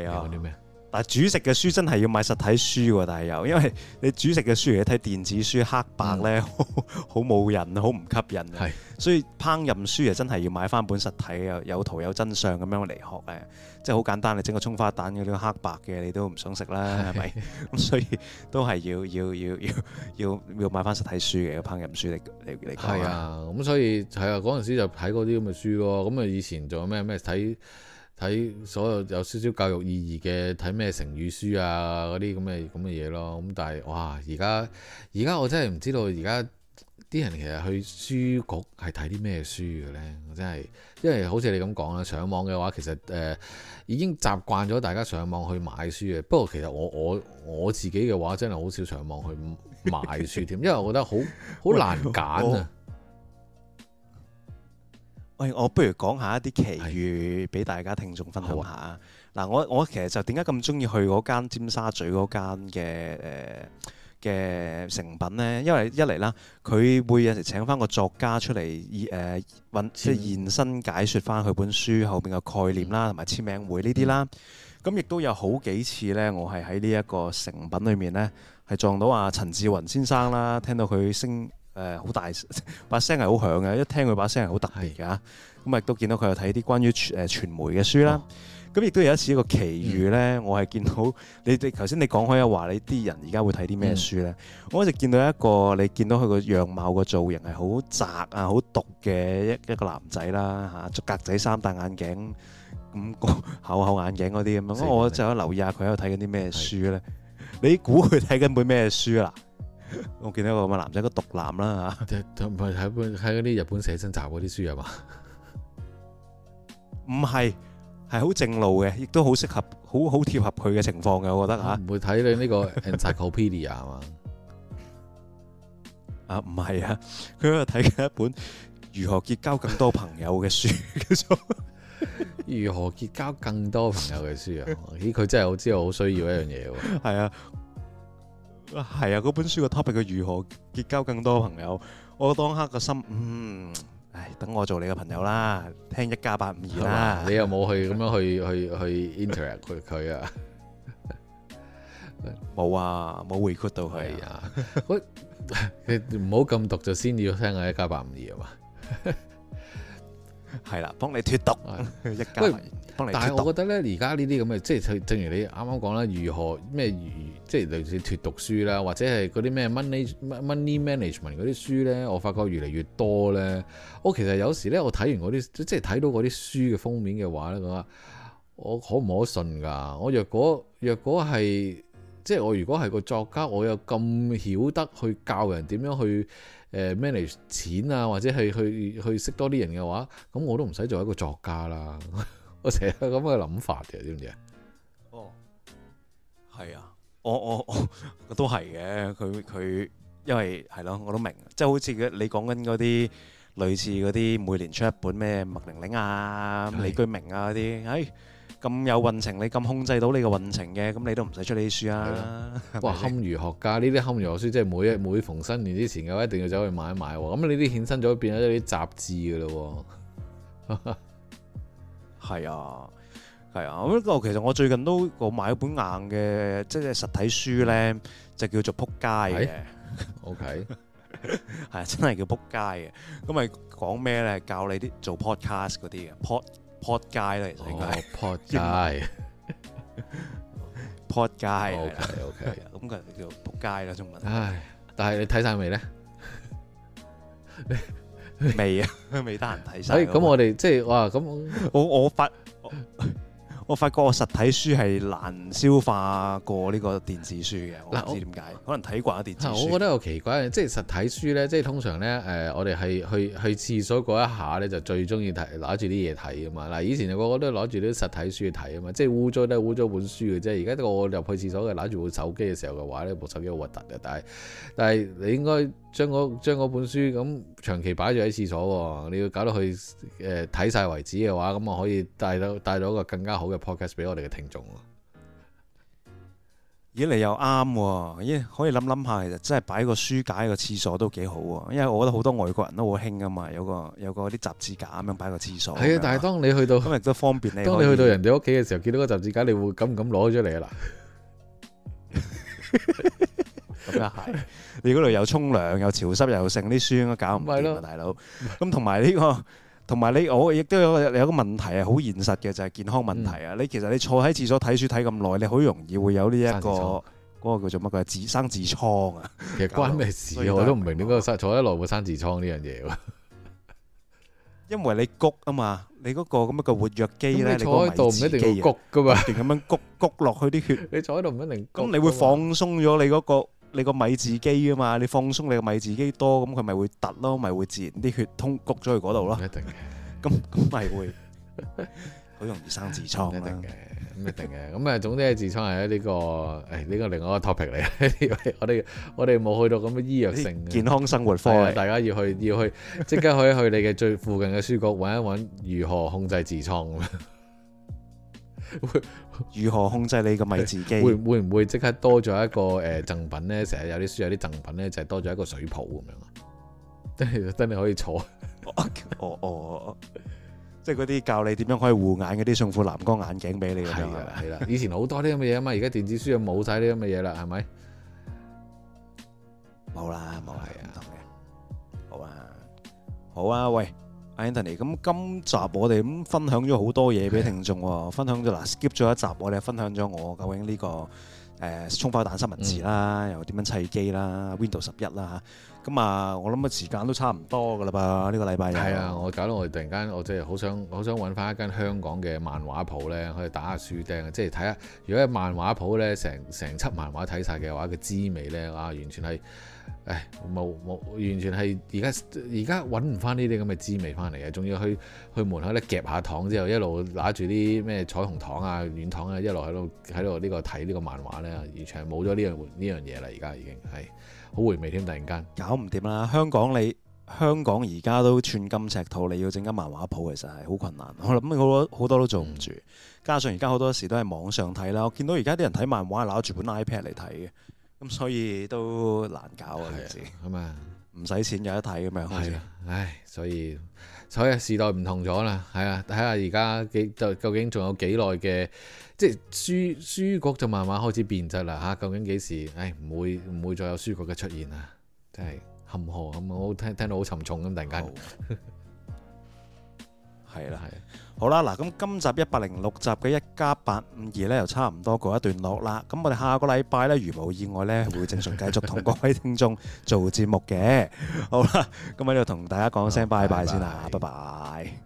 係係啊。啲咩？ [laughs] [laughs] [laughs] [laughs] 嗱，煮食嘅書真係要買實體書喎，但係又因為你煮食嘅書你睇電子書黑白咧，好冇、嗯、 [laughs] 人，好唔吸引。是所以烹飪書啊，真係要買翻本實體，有有圖有真相咁樣嚟學咧，即係好簡單。你整個蔥花蛋嗰啲黑白嘅，你都唔想食啦，係咪是？咁是吧 [laughs] 所以都係要要要要要要買翻實體書嘅烹飪書嚟嚟嚟講。係啊，咁所以係啊，嗰陣時就睇嗰啲咁嘅書咯。咁啊，以前仲有咩咩睇？睇所有有少少教育意義嘅，睇咩成語書啊，嗰啲咁嘅咁嘅嘢咯。咁但係哇，而家而家我真係唔知道而家啲人其實去書局係睇啲咩書嘅呢？我真係因為好似你咁講啦，上網嘅話其實誒、呃、已經習慣咗大家上網去買書嘅。不過其實我我我自己嘅話真係好少上網去買書添，因為我覺得好好難揀啊。喂，我不如講下一啲奇遇俾大家聽眾分享下嗱、啊啊，我我其實就點解咁中意去嗰間尖沙咀嗰間嘅嘅、呃、成品呢？因為一嚟啦，佢會有時請翻個作家出嚟，誒即係現身解説翻佢本書後邊嘅概念啦，同埋簽名會呢啲啦。咁亦都有好幾次呢，我係喺呢一個成品裏面呢，係撞到阿、啊、陳志雲先生啦，聽到佢聲。誒好大把聲係好響嘅，一聽佢把聲係好特別嘅。咁亦都見到佢有睇啲關於誒傳媒嘅書啦。咁亦都有一次一個奇遇咧，嗯、我係見到你哋頭先你講開又話你啲人而家會睇啲咩書咧。嗯、我一直見到一個你見到佢個樣貌個造型係好宅啊、好毒嘅一一個男仔啦嚇，著格仔衫、戴眼鏡咁個厚厚眼鏡嗰啲咁樣。咁我就有留意下佢喺度睇緊啲咩書咧。的你估佢睇緊本咩書啊？的 [music] 我見到一個咁嘅男仔，都獨男啦吓，同埋睇本睇嗰啲日本寫真集嗰啲書係嘛？唔係，係好正路嘅，亦都好適合，好好貼合佢嘅情況嘅，我覺得吓。唔會睇你呢個 Encyclopedia 係嘛？啊，唔係啊，佢喺度睇緊一本如何結交更多朋友嘅書，叫做《如何結交更多朋友嘅書》啊！ [laughs] 咦，佢真係好知道好需要一樣嘢喎，係啊。 [laughs] 係啊，嗰本書嘅 topic 佢如何結交更多朋友？我當刻個心，嗯，唉，等我做你嘅朋友啦，聽一家八五二啦，你又冇去咁樣去去去 interact 佢佢啊？冇啊，冇 record 到佢啊，你唔好咁毒就先要聽下一家八五二啊嘛，係啦，幫你脱毒啊一家。但係，我覺得咧，而家呢啲咁嘅，即係正如你啱啱講啦，如何咩，即係類似脫讀書啦，或者係嗰啲咩 money money management 嗰啲書咧，我發覺越嚟越多咧。我其實有時咧，我睇完嗰啲即係睇到嗰啲書嘅封面嘅話咧，我我可唔可信㗎？我若果若果係即係我如果係個作家，我又咁曉得去教人點樣去誒 manage 錢啊，或者係去去，去識多啲人嘅話，咁我都唔使做一個作家啦。我成日咁嘅諗法嘅，知唔知啊？哦，係啊，我我我都係嘅。佢佢，因為係咯，我都明。即係好似佢你講緊嗰啲類似嗰啲每年出一本咩麥玲玲啊、李居明啊嗰啲，唉，咁有運程，你咁控制到你個運程嘅，咁你都唔使出呢啲書啊。哇，堪輿學家呢啲堪輿學書，即係每一每逢新年之前嘅話，一定要走去買一買。咁呢啲衍生咗變咗啲雜誌嘅啦。係啊，係啊，咁呢個其實我最近都買咗一本硬嘅，即係實體書咧，就叫做撲街嘅。O K，係啊，真係叫撲街嘅。咁咪講咩咧？教你啲做 podcast 嗰啲嘅 pod pod 街咧，其實應該係 pod 街，pod 街啊。O K O K，咁佢叫做撲街啦，中文。唉，但係你睇晒未咧？未啊，未得閒睇晒。咁以我哋即係哇，咁我我我發我,我發覺我實體書係難消化過呢個電子書嘅，我唔知點解。我可能睇慣咗電子書。啊、我覺得好奇怪即係實體書咧，即係通常咧，誒、呃，我哋係去去廁所嗰一下咧，就最中意睇攞住啲嘢睇啊嘛。嗱，以前個個都攞住啲實體書去睇啊嘛，即係污咗都污咗本書嘅啫。而家我入去廁所嘅，攞住部手機嘅時候嘅話咧，部手機好核突嘅，但係但係你應該。將嗰將嗰本書咁長期擺咗喺廁所，你要搞到佢誒睇晒為止嘅話，咁我可以帶到帶到一個更加好嘅 Podcast 俾我哋嘅聽眾。而嚟、欸、又啱、啊，依、欸、可以諗諗下，其實真係擺個書架喺個廁所都幾好，啊，因為我覺得好多外國人都好興噶嘛，有個有個啲雜誌架咁樣擺喺個廁所。但係當你去到今日都方便你。當你去到人哋屋企嘅時候，見到個雜誌架，你會敢唔敢攞咗嚟啊？嗱。 [laughs] [laughs] 咁又係，你嗰度又沖涼又潮濕又剩，啲書應該搞唔掂啊，大佬。咁同埋呢個，同埋你我亦都有有個問題係好現實嘅，就係健康問題啊！你其實你坐喺廁所睇書睇咁耐，你好容易會有呢一個嗰個叫做乜鬼自生痔瘡啊！關咩事啊？我都唔明點解坐咗耐會生痔瘡呢樣嘢喎。因為你谷啊嘛，你嗰個咁樣嘅括約肌咧，你坐喺度唔一定谷噶嘛，一定咁樣谷谷落去啲血。你坐喺度唔一定。咁你會放鬆咗你嗰個。你個米字肌啊嘛，你放鬆你個米字肌多，咁佢咪會突咯，咪會自然啲血通谷咗去嗰度咯。一定嘅，咁咁咪會好容易生痔瘡。一定嘅，咁一定嘅。咁、嗯、啊，總之痔瘡係呢、呢個誒呢、哎呢個另外一個 topic 嚟。 [laughs] 我哋我哋冇去到咁嘅醫藥性健康生活科，了 [laughs] 大家要去要去即刻可以去你嘅最附近嘅書局揾一揾，如何控制痔瘡。 [laughs] [laughs] 會如何控制你個米字機？會會唔會即刻多咗一個誒贈、 [laughs] 呃、品咧？成日有啲書有啲贈品咧，就係、是、多咗一個水泡咁樣啊？真係真係可以坐哦哦，即係嗰啲教你點樣可以護眼嗰啲送副藍光眼鏡俾你。係啊係啦，以前好多啲咁嘅嘢啊嘛，而家電子書又冇晒啲咁嘅嘢啦，係咪？冇啦冇啦，唔同嘅。好啦，好啊喂。好 Anthony，咁今集我哋咁分享咗好多嘢俾聽眾喎，的分享咗嗱 skip 咗一集，我哋分享咗我究竟呢、這個誒蔥花蛋三文治啦，嗯、又點樣砌機啦，Window 十一啦嚇，咁啊我諗嘅時間都差唔多噶啦噃，呢、這個禮拜日。係啊，我搞到我哋突然間，我真係好想，好想搵翻一間香港嘅漫畫鋪咧，可以打下書釘，即係睇下如果喺漫畫鋪咧，成成輯漫畫睇晒嘅話，嘅滋味咧啊，完全係。唉，冇冇完全係而家而家，揾唔翻呢啲咁嘅滋味翻嚟嘅。仲要去去門口咧夾下糖之後，一路拿住啲咩彩虹糖啊軟糖啊，一路喺度喺度呢個睇呢個漫畫咧，完全冇咗呢樣呢樣嘢啦！而家已經係好回味添，突然間搞唔掂啦！香港你香港而家都寸金尺土，你要整間漫畫鋪，其實係好困難。我諗咁好多好多都做唔住，加上而家好多時都係網上睇啦。我見到而家啲人睇漫畫係拿住本 iPad 嚟睇嘅。咁所以都難搞啊，唔知咁啊，唔使錢有得睇咁樣，係啊，唉，所以所以時代唔同咗啦，係啊，睇下而家幾就究竟仲有幾耐嘅，即係書書局就慢慢開始變質啦吓，究竟幾時唉唔會唔會再有書局嘅出現啊，真係坎坷咁，我好聽聽到好沉重咁突然間，係啦係。好啦，嗱，咁今集一百零六集嘅一家八五二咧，又差唔多過一段落啦。咁我哋下個禮拜咧，如無意外咧，會正常繼續同各位聽眾做節目嘅。 [laughs] 好啦，咁喺呢度同大家講聲拜拜先啦，拜拜。拜拜。